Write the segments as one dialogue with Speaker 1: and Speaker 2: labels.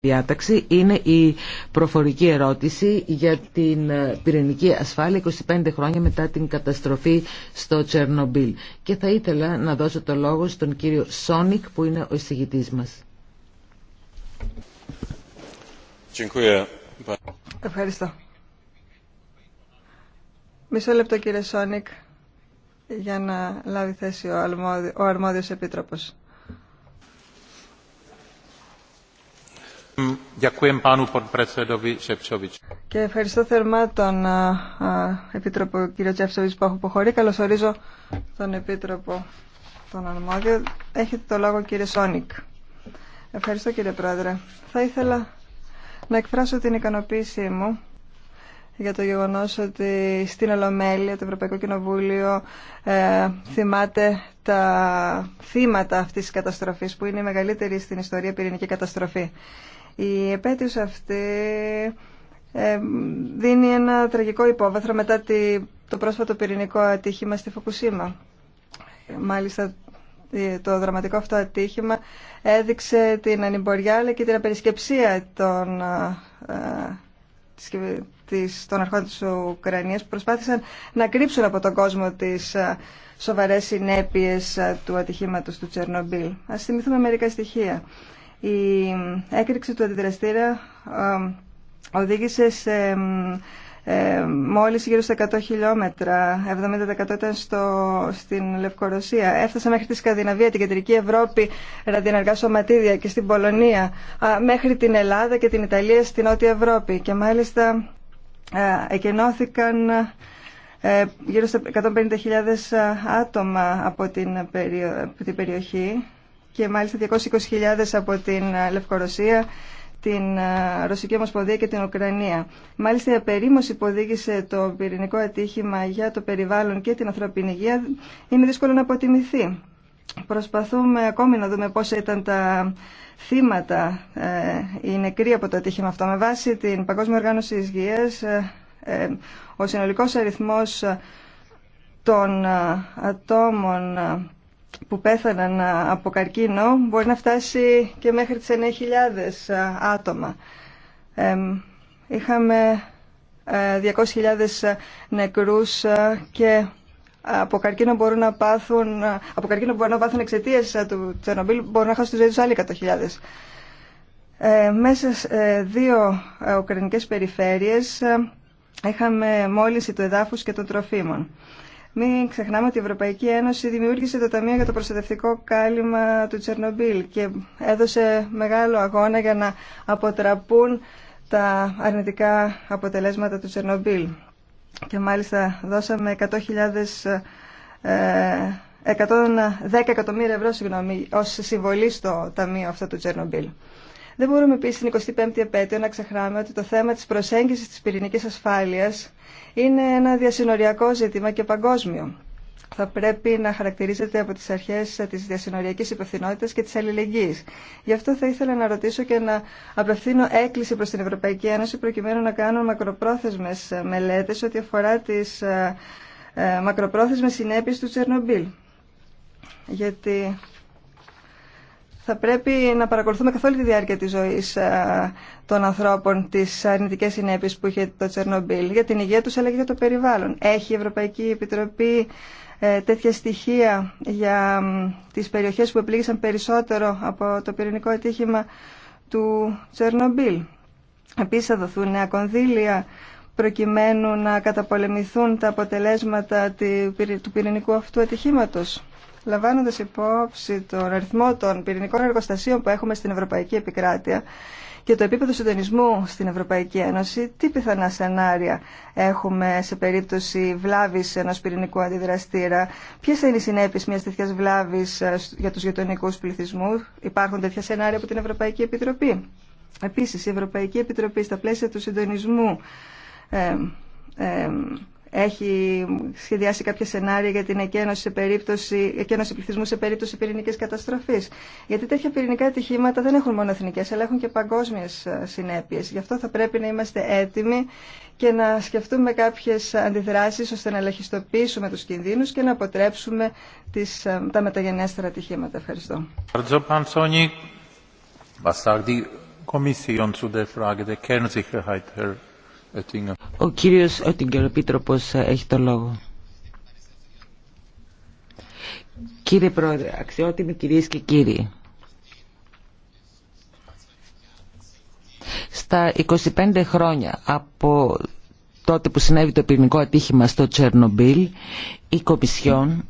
Speaker 1: διάταξη είναι η προφορική ερώτηση για την ε, πυρηνική ασφάλεια 25 χρόνια μετά την καταστροφή στο Τσερνομπίλ. Και θα ήθελα να δώσω το λόγο στον κύριο Σόνικ που είναι ο εισηγητής μας. Ευχαριστώ.
Speaker 2: Μισό λεπτό κύριε Σόνικ για να λάβει θέση ο αρμόδιος επίτροπος. Και ευχαριστώ θερμά τον Επίτροπο κ. Τσεφσοβιτς που έχω αποχωρεί. Καλωσορίζω τον Επίτροπο τον Αρμόδιο. Έχετε το λόγο κύριε Σόνικ. Ευχαριστώ κύριε Πρόεδρε. Θα ήθελα να εκφράσω την ικανοποίησή μου για το γεγονός ότι στην Ολομέλεια, το Ευρωπαϊκό Κοινοβούλιο ε, θυμάται τα θύματα αυτής της καταστροφής που είναι η μεγαλύτερη στην ιστορία πυρηνική καταστροφή. Η επέτειος αυτή ε, δίνει ένα τραγικό υπόβαθρο μετά το πρόσφατο πυρηνικό ατύχημα στη Φουκουσίμα. Μάλιστα ε, το δραματικό αυτό ατύχημα έδειξε την ανυμποριά αλλά και την απερισκεψία των, ε, της, των αρχών της Ουκρανίας που προσπάθησαν να κρύψουν από τον κόσμο τις σοβαρές συνέπειες του ατυχήματος του Τσερνομπίλ. Ας θυμηθούμε μερικά στοιχεία η έκρηξη του αντιδραστήρα οδήγησε σε μόλις γύρω στα 100 χιλιόμετρα, 70% ήταν στο, στην Λευκορωσία. Έφτασε μέχρι τη Σκανδιναβία, την Κεντρική Ευρώπη, ραδιενεργά σωματίδια και στην Πολωνία, μέχρι την Ελλάδα και την Ιταλία στην Νότια Ευρώπη. Και μάλιστα ε, εκενώθηκαν ε, γύρω στα 150.000 ε, άτομα από την περιοχή και μάλιστα 220.000 από την ε, Λευκορωσία, την ε, Ρωσική Ομοσπονδία και την Ουκρανία. Μάλιστα η απερίμωση που οδήγησε το πυρηνικό ατύχημα για το περιβάλλον και την ανθρωπίνη υγεία είναι δύσκολο να αποτιμηθεί. Προσπαθούμε ακόμη να δούμε πόσα ήταν τα θύματα, ε, οι νεκροί από το ατύχημα αυτό. Με βάση την Παγκόσμια Οργάνωση Υγείας, ο συνολικός αριθμός των ατόμων που πέθαναν από καρκίνο μπορεί να φτάσει και μέχρι τις 9.000 ε, άτομα. Είχαμε 200.000 ε, ε, νεκρούς και από καρκίνο μπορούν να πάθουν, από καρκίνο μπορούν να πάθουν εξαιτία του Τσερνομπίλ, μπορούν να χάσουν τη ζωή του άλλοι 100.000. Ε, μέσα σε δύο ουκρανικές περιφέρειες είχαμε μόλυνση του εδάφους και των τροφίμων. Μην ξεχνάμε ότι η Ευρωπαϊκή Ένωση δημιούργησε το Ταμείο για το Προστατευτικό Κάλυμα του Τσερνομπίλ και έδωσε μεγάλο αγώνα για να αποτραπούν τα αρνητικά αποτελέσματα του Τσερνομπίλ. Και μάλιστα δώσαμε 100.000 110 ε, εκατομμύρια ευρώ συγγνώμη, ως συμβολή στο ταμείο αυτό του Τσερνομπίλ. Δεν μπορούμε επίσης την 25η επέτειο να ξεχνάμε ότι το θέμα της προσέγγισης της πυρηνικής ασφάλειας είναι ένα διασυνοριακό ζήτημα και παγκόσμιο. Θα πρέπει να χαρακτηρίζεται από τις αρχές της διασυνοριακής υπευθυνότητας και της αλληλεγγύης. Γι' αυτό θα ήθελα να ρωτήσω και να απευθύνω έκκληση προς την Ευρωπαϊκή Ένωση προκειμένου να κάνουν μακροπρόθεσμες μελέτες ό,τι αφορά τις ε, ε, μακροπρόθεσμες συνέπειες του Τσερνομπίλ. Γιατί θα πρέπει να παρακολουθούμε καθ' όλη τη διάρκεια της ζωής ε, των ανθρώπων τις αρνητικές συνέπειες που είχε το Τσερνομπίλ για την υγεία τους αλλά και για το περιβάλλον. Έχει η Ευρωπαϊκή Επιτροπή ε, τέτοια στοιχεία για τις περιοχές που επλήγησαν περισσότερο από το πυρηνικό ατύχημα του Τσερνομπίλ. Επίσης θα δοθούν νέα κονδύλια προκειμένου να καταπολεμηθούν τα αποτελέσματα του πυρηνικού αυτού ατυχήματος λαμβάνοντα υπόψη τον αριθμό των πυρηνικών εργοστασίων που έχουμε στην Ευρωπαϊκή Επικράτεια και το επίπεδο συντονισμού στην Ευρωπαϊκή Ένωση, τι πιθανά σενάρια έχουμε σε περίπτωση βλάβη ενό πυρηνικού αντιδραστήρα, ποιε θα είναι οι συνέπειε μια τέτοια βλάβη ε, για του γειτονικού πληθυσμού, υπάρχουν τέτοια σενάρια από την Ευρωπαϊκή Επιτροπή. Επίση, η Ευρωπαϊκή Επιτροπή στα πλαίσια του συντονισμού. Ε, ε, έχει σχεδιάσει κάποια σενάρια για την εκένωση, σε περίπτωση, εκένωση πληθυσμού σε περίπτωση πυρηνική καταστροφή. Γιατί τέτοια πυρηνικά ατυχήματα δεν έχουν μόνο εθνικέ, αλλά έχουν και παγκόσμιε συνέπειε. Γι' αυτό θα πρέπει να είμαστε έτοιμοι και να σκεφτούμε κάποιε αντιδράσει ώστε να ελεγχιστοποιήσουμε του κινδύνου και να αποτρέψουμε τις, ε, τα μεταγενέστερα ατυχήματα. Ευχαριστώ.
Speaker 3: Ευχαριστώ,
Speaker 1: ο κύριος Ότιγκερ, έχει το λόγο. Κύριε Πρόεδρε, αξιότιμοι κυρίες και κύριοι, στα 25 χρόνια από τότε που συνέβη το πυρηνικό ατύχημα στο Τσέρνομπιλ, η Κομισιόν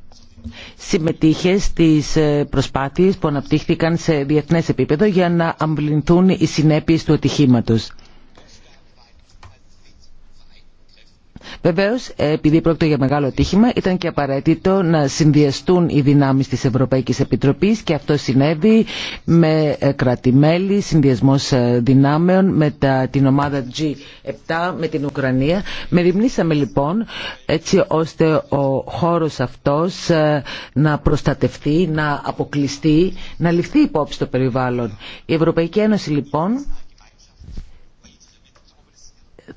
Speaker 1: συμμετείχε στις ε, προσπάθειες που αναπτύχθηκαν σε διεθνές επίπεδο για να αμβληνθούν οι συνέπειες του ατυχήματος. Βεβαίω, επειδή πρόκειται για μεγάλο τύχημα, ήταν και απαραίτητο να συνδυαστούν οι δυνάμει τη Ευρωπαϊκή Επιτροπή και αυτό συνέβη με ε, κρατημέλη, συνδυασμό ε, δυνάμεων, με τα, την ομάδα G7, με την Ουκρανία. Μεριμνήσαμε λοιπόν έτσι ώστε ο χώρο αυτό ε, να προστατευτεί, να αποκλειστεί, να ληφθεί υπόψη το περιβάλλον. Η Ευρωπαϊκή Ένωση λοιπόν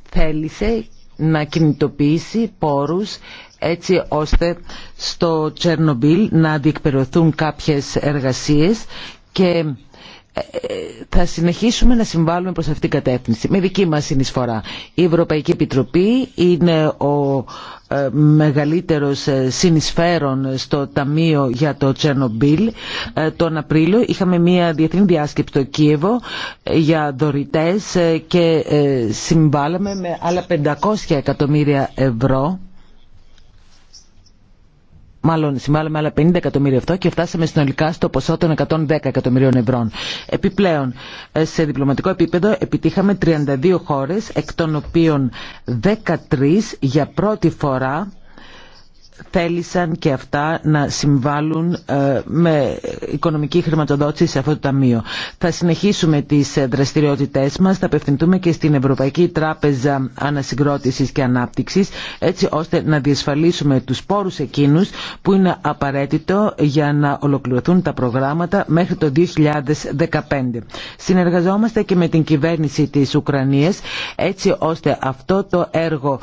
Speaker 1: θέλησε να κινητοποιήσει πόρους έτσι ώστε στο Τσέρνομπιλ να διεκπαιρεωθούν κάποιες εργασίες και θα συνεχίσουμε να συμβάλλουμε προς αυτήν την κατεύθυνση με δική μας συνεισφορά. Η Ευρωπαϊκή Επιτροπή είναι ο ε, μεγαλύτερος ε, συνεισφέρον στο Ταμείο για το Τσέρνομπιλ. Ε, τον Απρίλιο είχαμε μια διεθνή διάσκεψη στο Κίεβο για δωρητές και συμβάλαμε με άλλα 500 εκατομμύρια ευρώ μάλλον συμβάλλουμε άλλα 50 εκατομμύρια ευρώ και φτάσαμε συνολικά στο ποσό των 110 εκατομμυρίων ευρώ. Επιπλέον, ε, σε διπλωματικό επίπεδο επιτύχαμε 32 χώρες, εκ των οποίων 13 για πρώτη φορά θέλησαν και αυτά να συμβάλλουν ε, με οικονομική χρηματοδότηση σε αυτό το ταμείο. Θα συνεχίσουμε τις ε, δραστηριότητές μας, θα απευθυντούμε και στην Ευρωπαϊκή Τράπεζα Ανασυγκρότησης και Ανάπτυξης, έτσι ώστε να διασφαλίσουμε τους πόρους εκείνους που είναι απαραίτητο για να ολοκληρωθούν τα προγράμματα μέχρι το 2015. Συνεργαζόμαστε και με την κυβέρνηση της Ουκρανίας, έτσι ώστε αυτό το έργο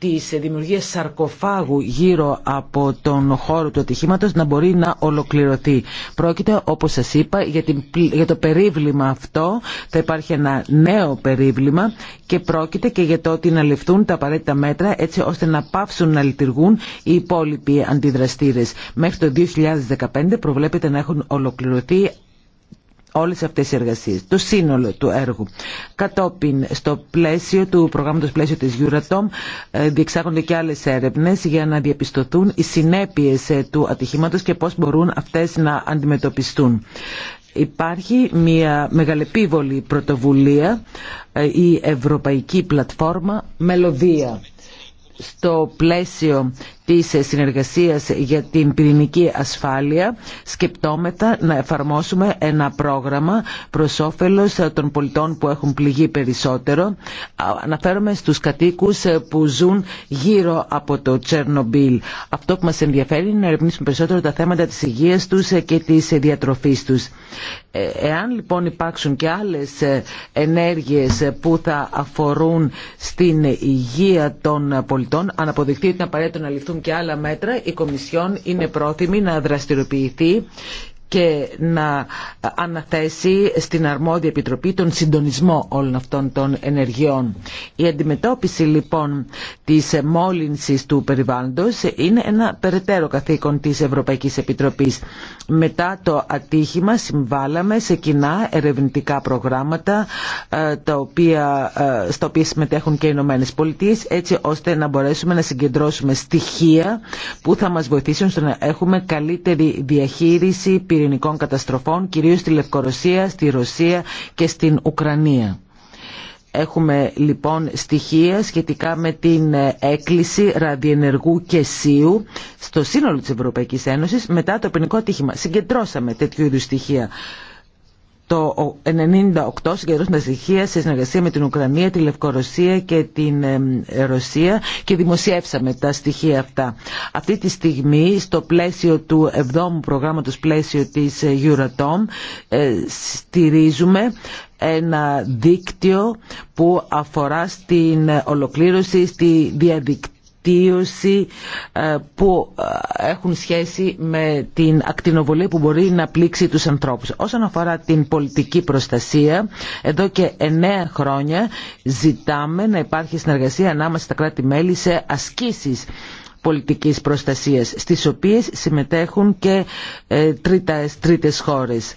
Speaker 1: της δημιουργίας σαρκοφάγου γύρω από τον χώρο του ατυχήματο να μπορεί να ολοκληρωθεί. Πρόκειται, όπως σας είπα, για, την, για το περίβλημα αυτό. Θα υπάρχει ένα νέο περίβλημα και πρόκειται και για το ότι να ληφθούν τα απαραίτητα μέτρα έτσι ώστε να πάψουν να λειτουργούν οι υπόλοιποι αντιδραστήρες. Μέχρι το 2015 προβλέπεται να έχουν ολοκληρωθεί όλες αυτές οι εργασίες, το σύνολο του έργου. Κατόπιν στο πλαίσιο του προγράμματος πλαίσιο της Euratom ε, διεξάγονται και άλλες έρευνες για να διαπιστωθούν οι συνέπειες ε, του ατυχήματος και πώς μπορούν αυτές να αντιμετωπιστούν. Υπάρχει μια μεγαλεπίβολη πρωτοβουλία, ε, η Ευρωπαϊκή Πλατφόρμα Μελωδία στο πλαίσιο της συνεργασίας για την πυρηνική ασφάλεια σκεπτόμετα να εφαρμόσουμε ένα πρόγραμμα προς όφελος των πολιτών που έχουν πληγεί περισσότερο. Αναφέρομαι στους κατοίκους ε, που ζουν γύρω από το Τσέρνομπιλ. Αυτό που μας ενδιαφέρει είναι να ερευνήσουμε περισσότερο τα θέματα της υγείας τους ε, και της διατροφής τους. Ε, εάν λοιπόν υπάρξουν και άλλες ενέργειες που θα αφορούν στην υγεία των πολιτών, αν αποδειχθεί ότι είναι απαραίτητο να ληφθούν και άλλα μέτρα, η Κομισιόν είναι πρόθυμη να δραστηριοποιηθεί και να αναθέσει στην αρμόδια επιτροπή τον συντονισμό όλων αυτών των ενεργειών. Η αντιμετώπιση λοιπόν της μόλυνσης του περιβάλλοντος είναι ένα περαιτέρω καθήκον της Ευρωπαϊκής Επιτροπής. Μετά το ατύχημα συμβάλαμε σε κοινά ερευνητικά προγράμματα ε, τα οποία, ε, στα οποία συμμετέχουν και οι Ηνωμένε Πολιτείε, έτσι ώστε να μπορέσουμε να συγκεντρώσουμε στοιχεία που θα μας βοηθήσουν στο να έχουμε καλύτερη διαχείριση πυρηνικών καταστροφών, κυρίως στη Λευκορωσία, στη Ρωσία και στην Ουκρανία. Έχουμε λοιπόν στοιχεία σχετικά με την ε, έκκληση ραδιενεργού κεσίου στο σύνολο της Ευρωπαϊκής Ένωσης μετά το ποινικό ατύχημα. Συγκεντρώσαμε τέτοιου είδους στοιχεία. Το 1998 συγκεντρώσαμε στοιχεία σε συνεργασία με την Ουκρανία, τη Λευκορωσία και την Ρωσία και δημοσιεύσαμε τα στοιχεία αυτά. Αυτή τη στιγμή στο πλαίσιο του 7ου προγράμματος πλαίσιο της ε, Euratom ε, στηρίζουμε ένα δίκτυο που αφορά στην ε, ολοκλήρωση, στη διαδικτύωση. Ε, που ε, έχουν σχέση με την ακτινοβολία που μπορεί να πλήξει τους ανθρώπους. Όσον αφορά την πολιτική προστασία, εδώ και εννέα χρόνια ζητάμε να υπάρχει συνεργασία ανάμεσα στα κράτη-μέλη σε ασκήσεις πολιτικής προστασίας, στις οποίες συμμετέχουν και ε, τρίτες, τρίτες χώρες.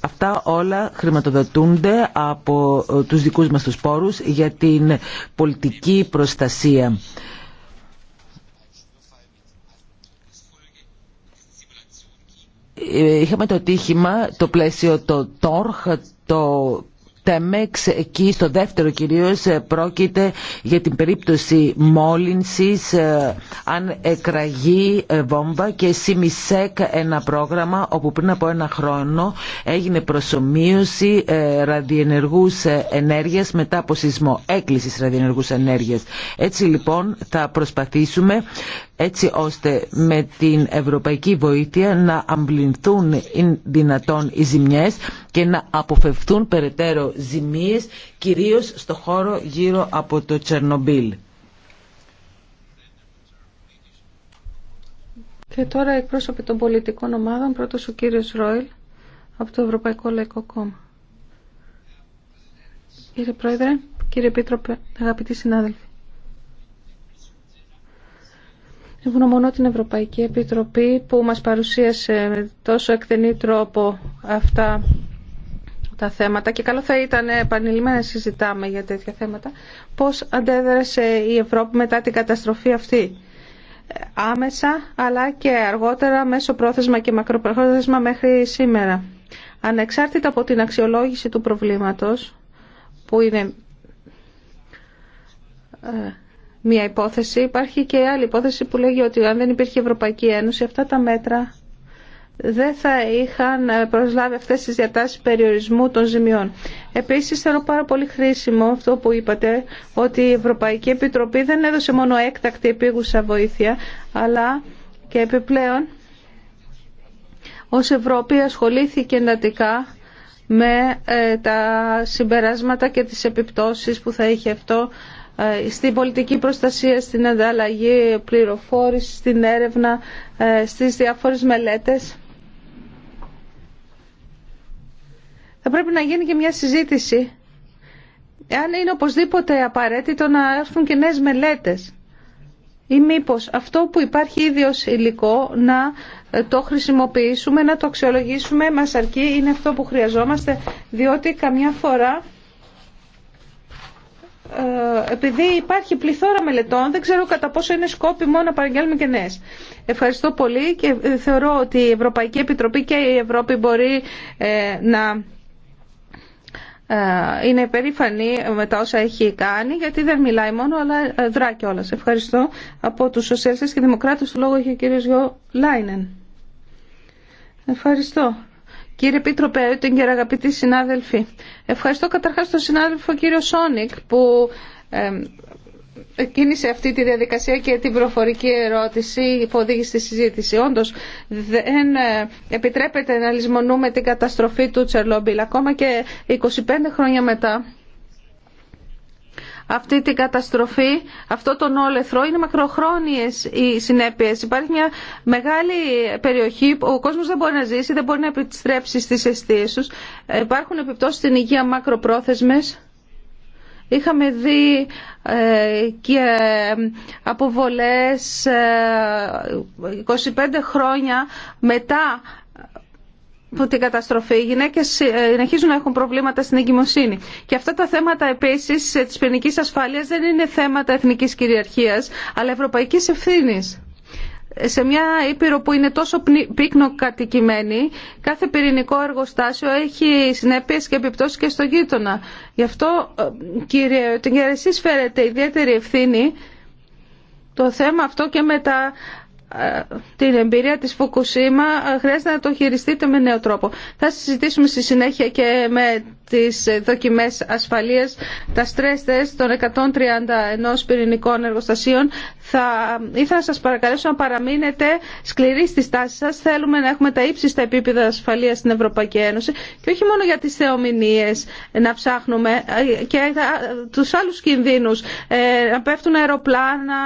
Speaker 1: Αυτά όλα χρηματοδοτούνται από ε, τους δικούς μας τους πόρους για την πολιτική προστασία. Ε, είχαμε το τύχημα, το πλαίσιο το τόρχ, το εκεί στο δεύτερο κυρίως ε, πρόκειται για την περίπτωση μόλυνσης ε, αν εκραγεί ε, βόμβα και ΣΥΜΙΣΕΚ ένα πρόγραμμα όπου πριν από ένα χρόνο έγινε προσωμείωση ραδιενεργούς ενέργειας μετά από σεισμό, έκκλησης ραδιενεργούς ενέργειας. Έτσι λοιπόν θα προσπαθήσουμε έτσι ώστε με την ευρωπαϊκή βοήθεια να αμπληνθούν δυνατόν οι ζημιές και να αποφευθούν περαιτέρω ζημίες, κυρίως στο χώρο γύρω από το Τσερνομπίλ.
Speaker 3: Και τώρα εκπρόσωποι των πολιτικών ομάδων, πρώτος ο κύριος Ρόιλ από το Ευρωπαϊκό Λαϊκό Κόμμα. Κύριε Πρόεδρε, κύριε Επίτροπε, αγαπητοί συνάδελφοι. Ευγνωμονώ την Ευρωπαϊκή Επιτροπή που μας παρουσίασε με τόσο εκτενή τρόπο αυτά τα θέματα και καλό θα ήταν επανειλημμένα να συζητάμε για τέτοια θέματα. Πώς αντέδρασε η Ευρώπη μετά την καταστροφή αυτή άμεσα αλλά και αργότερα μέσω πρόθεσμα και μακροπρόθεσμα μέχρι σήμερα. Ανεξάρτητα από την αξιολόγηση του προβλήματος που είναι ε, μία υπόθεση. Υπάρχει και άλλη υπόθεση που λέγει ότι αν δεν υπήρχε Ευρωπαϊκή Ένωση αυτά τα μέτρα δεν θα είχαν ε, προσλάβει αυτές τις διατάσεις περιορισμού των ζημιών. Επίσης θέλω πάρα πολύ χρήσιμο αυτό που είπατε ότι η Ευρωπαϊκή Επιτροπή δεν έδωσε μόνο έκτακτη επίγουσα βοήθεια αλλά και επιπλέον ως Ευρώπη ασχολήθηκε εντατικά με ε, τα συμπεράσματα και τις επιπτώσεις που θα είχε αυτό ε, στην πολιτική προστασία, στην ανταλλαγή πληροφόρηση, στην έρευνα, στις διάφορες μελέτες. πρέπει να γίνει και μια συζήτηση αν είναι οπωσδήποτε απαραίτητο να έρθουν και νέες μελέτες ή μήπως αυτό που υπάρχει ήδη ως υλικό να ε, το χρησιμοποιήσουμε, να το αξιολογήσουμε, μας αρκεί, είναι αυτό που χρειαζόμαστε, διότι καμιά φορά ε, επειδή υπάρχει πληθώρα μελετών, δεν ξέρω κατά πόσο είναι σκόπιμο να παραγγέλνουμε και νέες. Ευχαριστώ πολύ και ε, θεωρώ ότι η Ευρωπαϊκή Επιτροπή και η Ευρώπη μπορεί να ε, είναι περήφανη με τα όσα έχει κάνει, γιατί δεν μιλάει μόνο, αλλά ε, δρά κιόλα. Ευχαριστώ. Από τους σοσιαλιστές και δημοκράτες, Το λόγο έχει ο κύριος Γιώ Λάινεν. Ευχαριστώ. Κύριε Πίτροπε, κύριε αγαπητοί συνάδελφοι, ευχαριστώ καταρχάς τον συνάδελφο κύριο Σόνικ που ε, κίνησε αυτή τη διαδικασία και την προφορική ερώτηση που οδήγησε στη συζήτηση. Όντω, δεν ε, επιτρέπεται να λησμονούμε την καταστροφή του Τσερλόμπιλ. Ακόμα και 25 χρόνια μετά αυτή την καταστροφή, αυτό τον όλεθρο, είναι μακροχρόνιες οι συνέπειες. Υπάρχει μια μεγάλη περιοχή που ο κόσμος δεν μπορεί να ζήσει, δεν μπορεί να επιστρέψει στις αιστείες τους. Ε, υπάρχουν επιπτώσει στην υγεία μακροπρόθεσμες Είχαμε δει ε, και αποβολές 25 ε, χρόνια μετά από την καταστροφή. Οι γυναίκες ε, συνεχίζουν να έχουν προβλήματα στην εγκυμοσύνη. Και αυτά τα θέματα επίσης της ποινική ασφάλειας δεν είναι θέματα εθνικής κυριαρχίας, αλλά ευρωπαϊκής ευθύνης σε μια ήπειρο που είναι τόσο πύκνο κατοικημένη, κάθε πυρηνικό εργοστάσιο έχει συνέπειες και επιπτώσεις και στο γείτονα. Γι' αυτό, ε, κύριε Τιγκέρ, εσείς φέρετε ιδιαίτερη ευθύνη το θέμα αυτό και με ε, την εμπειρία της Φουκουσίμα ε, χρειάζεται να το χειριστείτε με νέο τρόπο. Θα συζητήσουμε στη συνέχεια και με τις δοκιμές ασφαλείας, τα στρέστε των 131 πυρηνικών εργοστασίων. Θα ήθελα να σας παρακαλέσω να παραμείνετε σκληροί στις τάσεις σας. Θέλουμε να έχουμε τα ύψιστα επίπεδα ασφαλείας στην Ευρωπαϊκή Ένωση και όχι μόνο για τις θεομηνίες να ψάχνουμε ε, και τους άλλους κινδύνους. Ε, να πέφτουν αεροπλάνα,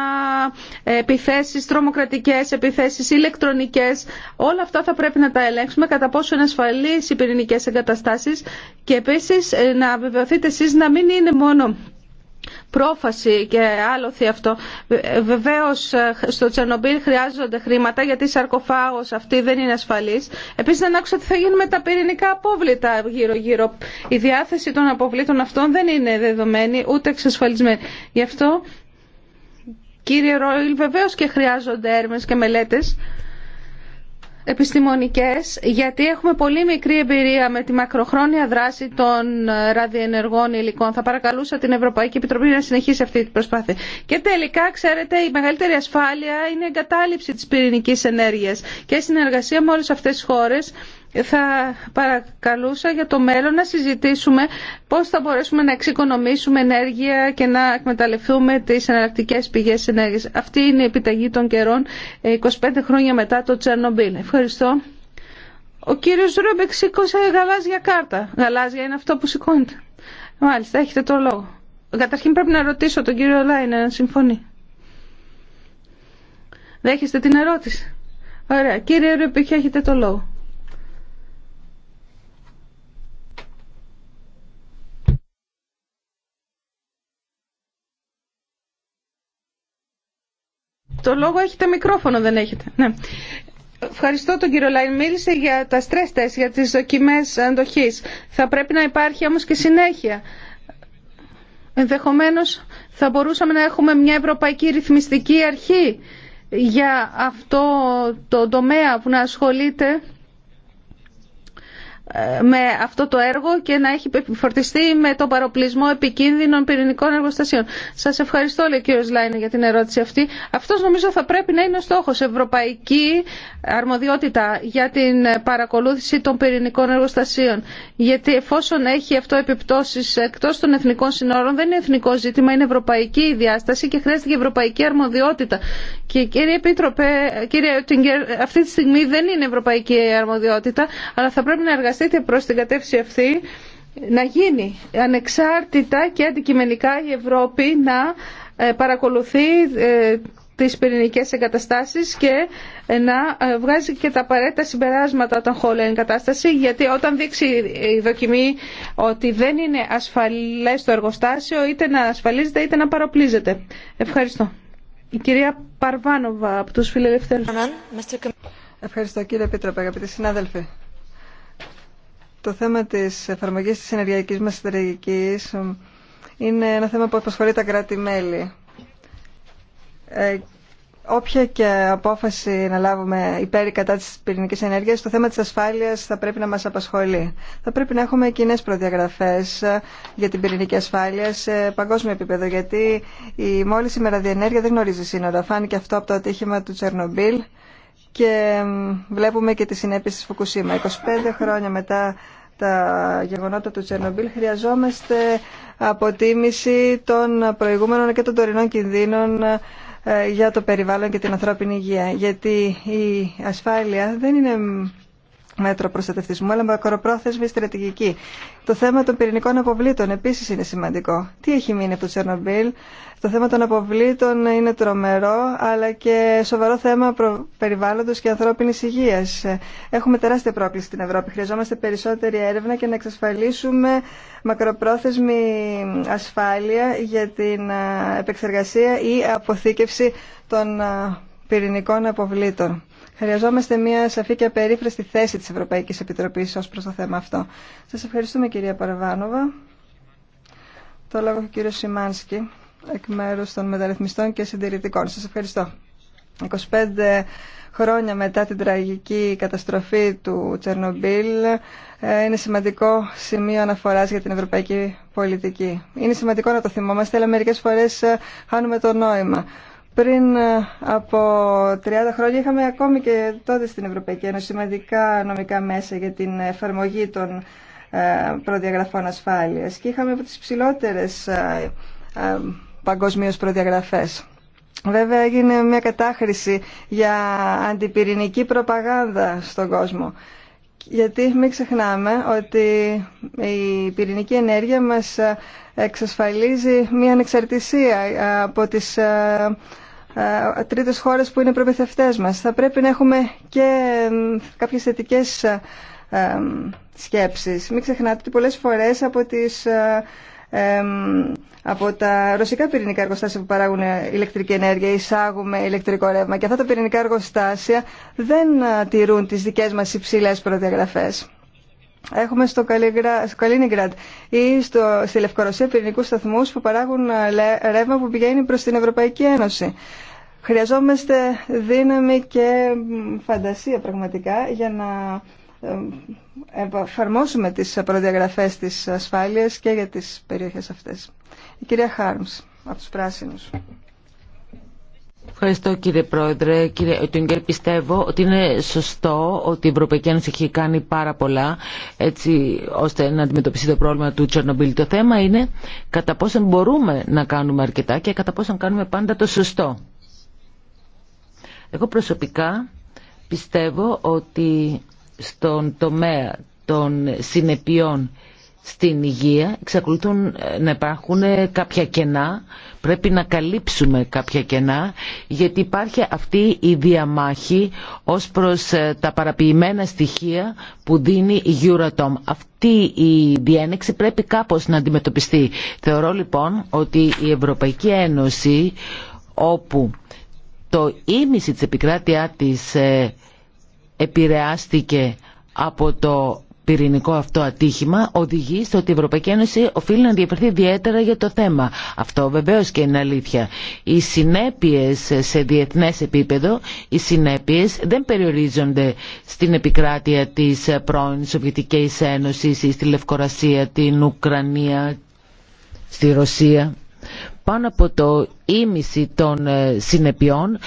Speaker 3: επιθέσεις τρομοκρατικές, επιθέσεις ηλεκτρονικές. Όλα αυτά θα πρέπει να τα ελέγξουμε κατά πόσο είναι ασφαλείς οι πυρηνικές εγκαταστάσεις και επίσης ε, να βεβαιωθείτε εσείς να μην είναι μόνο πρόφαση και άλλο αυτό. Βεβαίως στο Τσερνομπίλ χρειάζονται χρήματα γιατί η σαρκοφάγος αυτή δεν είναι ασφαλή. Επίσης δεν άκουσα ότι θα γίνουν με τα πυρηνικά απόβλητα γύρω-γύρω. Η διάθεση των αποβλήτων αυτών δεν είναι δεδομένη ούτε εξασφαλισμένη. Γι' αυτό Κύριε Ρόιλ, βεβαίω και χρειάζονται έρευνε και μελέτε επιστημονικές, γιατί έχουμε πολύ μικρή εμπειρία με τη μακροχρόνια δράση των ε, ραδιενεργών υλικών. Θα παρακαλούσα την Ευρωπαϊκή Επιτροπή να συνεχίσει αυτή την προσπάθεια. Και τελικά, ξέρετε, η μεγαλύτερη ασφάλεια είναι η εγκατάλειψη της πυρηνικής ενέργειας και η συνεργασία με όλες αυτές τις χώρες θα παρακαλούσα για το μέλλον να συζητήσουμε πώς θα μπορέσουμε να εξοικονομήσουμε ενέργεια και να εκμεταλλευτούμε τις εναλλακτικές πηγές ενέργειας. Αυτή είναι η επιταγή των καιρών 25 χρόνια μετά το Τσερνομπίλ. Ευχαριστώ. Ο κύριος Ρούμπεκ σήκωσε γαλάζια κάρτα. Γαλάζια είναι αυτό που σηκώνεται. Μάλιστα, έχετε το λόγο. Καταρχήν πρέπει να ρωτήσω τον κύριο Λάινε να συμφωνεί. Δέχεστε την ερώτηση. Ωραία. Κύριε Ρούμπεκ, έχετε το λόγο. Το λόγο έχετε μικρόφωνο, δεν έχετε. Ναι. Ευχαριστώ τον κύριο Λάιν. Μίλησε για τα stress τεστ, για τις δοκιμές αντοχής. Θα πρέπει να υπάρχει όμως και συνέχεια. Ενδεχομένως θα μπορούσαμε να έχουμε μια ευρωπαϊκή ρυθμιστική αρχή για αυτό το τομέα που να ασχολείται με αυτό το έργο και να έχει φορτιστεί με τον παροπλισμό επικίνδυνων πυρηνικών εργοστασίων. Σα ευχαριστώ, λέει ο κύριο Λάινε, για την ερώτηση αυτή. Αυτό νομίζω θα πρέπει να είναι ο στόχο. Ευρωπαϊκή αρμοδιότητα για την παρακολούθηση των πυρηνικών εργοστασίων. Γιατί εφόσον έχει αυτό επιπτώσει εκτό των εθνικών συνόρων, δεν είναι εθνικό ζήτημα, είναι ευρωπαϊκή η διάσταση και χρειάζεται και ευρωπαϊκή αρμοδιότητα. Και κύριε Επίτροπε, κύριε Τιγκερ, αυτή τη στιγμή δεν είναι ευρωπαϊκή αρμοδιότητα, αλλά θα πρέπει να εργαστεί εργαστείτε προς την κατεύθυνση αυτή να γίνει ανεξάρτητα και αντικειμενικά η Ευρώπη να ε, παρακολουθεί ε, τις πυρηνικές εγκαταστάσεις και ε, να βγάζει και τα απαραίτητα συμπεράσματα όταν χώλει εγκατάσταση γιατί όταν δείξει η δοκιμή ότι δεν είναι ασφαλές το εργοστάσιο είτε να ασφαλίζεται είτε να παροπλίζεται. Ευχαριστώ. Η κυρία Παρβάνοβα
Speaker 2: από τους φιλελευθέρους. Ευχαριστώ κύριε πίτροπε, αγαπητοί συνάδελφοι. Το θέμα της εφαρμογής της ενεργειακής μας στρατηγικής είναι ένα θέμα που απασχολεί τα κράτη-μέλη. Ε, όποια και απόφαση να λάβουμε υπέρ ή κατά της πυρηνικής ενέργειας, το θέμα της ασφάλειας θα πρέπει να μας απασχολεί. Θα πρέπει να έχουμε κοινέ προδιαγραφές ε, για την πυρηνική ασφάλεια σε παγκόσμιο επίπεδο, γιατί η μόλις η μεραδιενέργεια δεν γνωρίζει σύνορα. Φάνηκε αυτό από το ατύχημα του Τσερνομπίλ και βλέπουμε και τις συνέπειες της Φουκουσίμα. 25 χρόνια μετά τα γεγονότα του Τσερνομπίλ χρειαζόμαστε αποτίμηση των προηγούμενων και των τωρινών κινδύνων ε, για το περιβάλλον και την ανθρώπινη υγεία. Γιατί η ασφάλεια δεν είναι μέτρο προστατευτισμού, αλλά μακροπρόθεσμη στρατηγική. Το θέμα των πυρηνικών αποβλήτων επίση είναι σημαντικό. Τι έχει μείνει από το Τσερνομπίλ, το θέμα των αποβλήτων είναι τρομερό, αλλά και σοβαρό θέμα περιβάλλοντο και ανθρώπινη υγεία. Έχουμε τεράστια πρόκληση στην Ευρώπη. Χρειαζόμαστε περισσότερη έρευνα και να εξασφαλίσουμε μακροπρόθεσμη ασφάλεια για την ε, επεξεργασία ή αποθήκευση των ε, πυρηνικών αποβλήτων. Χρειαζόμαστε μια σαφή και απερίφραστη θέση της Ευρωπαϊκής Επιτροπής ως προς το θέμα αυτό. Σας ευχαριστούμε κυρία Παραβάνοβα. Το λόγο ο κύριος Σιμάνσκι εκ μέρους των μεταρρυθμιστών και συντηρητικών. Σας ευχαριστώ. 25 χρόνια μετά την τραγική καταστροφή του Τσερνομπίλ ε, είναι σημαντικό σημείο αναφοράς για την ευρωπαϊκή πολιτική. Είναι σημαντικό να το θυμόμαστε, αλλά μερικές φορές ε, χάνουμε το νόημα. Πριν ε, από 30 χρόνια είχαμε ακόμη και τότε στην Ευρωπαϊκή Ένωση σημαντικά νομικά μέσα για την εφαρμογή των ε, προδιαγραφών ασφάλειας και είχαμε από τις ψηλότερες ε, παγκοσμίως προδιαγραφές. Βέβαια έγινε μια κατάχρηση για αντιπυρηνική προπαγάνδα στον κόσμο. Γιατί μην ξεχνάμε ότι η πυρηνική ενέργεια μας εξασφαλίζει μια ανεξαρτησία από τις ε, Τρίτε χώρε που είναι προμηθευτές μας. Θα πρέπει να έχουμε και κάποιες θετικές ε, ε, σκέψεις. Μην ξεχνάτε ότι πολλές φορές από τις από τα ρωσικά πυρηνικά εργοστάσια που παράγουν ηλεκτρική ενέργεια εισάγουμε ηλεκτρικό ρεύμα και αυτά τα πυρηνικά εργοστάσια δεν τηρούν τις δικές μας υψηλές προδιαγραφές. Έχουμε στο, Καλιγρα... στο Καλίνιγκραντ ή στο... στη Λευκορωσία πυρηνικού σταθμούς που παράγουν ρεύμα που πηγαίνει προ την Ευρωπαϊκή Ένωση. Χρειαζόμαστε δύναμη και φαντασία πραγματικά για να ε, εφαρμόσουμε τις προδιαγραφές της ασφάλειας και για τις περιοχές αυτές. Η κυρία Χάρμς, από τους Πράσινους.
Speaker 1: Ευχαριστώ κύριε Πρόεδρε. Κύριε Οτιγκέρ, πιστεύω ότι είναι σωστό ότι η Ευρωπαϊκή Ένωση έχει κάνει πάρα πολλά έτσι ώστε να αντιμετωπίσει το πρόβλημα του Τσερνομπίλ. Το θέμα είναι κατά πόσον μπορούμε να κάνουμε αρκετά και κατά πόσον κάνουμε πάντα το σωστό. Εγώ προσωπικά πιστεύω ότι στον τομέα των συνεπειών στην υγεία εξακολουθούν ε, να υπάρχουν ε, κάποια κενά, πρέπει να καλύψουμε κάποια κενά γιατί υπάρχει αυτή η διαμάχη ως προς ε, τα παραποιημένα στοιχεία που δίνει η Euratom. Αυτή η διένεξη πρέπει κάπως να αντιμετωπιστεί. Θεωρώ λοιπόν ότι η Ευρωπαϊκή Ένωση όπου το ίμιση της επικράτειά της ε, επηρεάστηκε από το πυρηνικό αυτό ατύχημα οδηγεί στο ότι η Ευρωπαϊκή Ένωση οφείλει να διαφερθεί ιδιαίτερα για το θέμα. Αυτό βεβαίω και είναι αλήθεια. Οι συνέπειες σε διεθνές επίπεδο, οι συνέπειες δεν περιορίζονται στην επικράτεια της πρώην Σοβιετική Ένωσης ή στη Λευκορασία, την Ουκρανία, στη Ρωσία. Πάνω από το ίμιση των ε, συνεπειών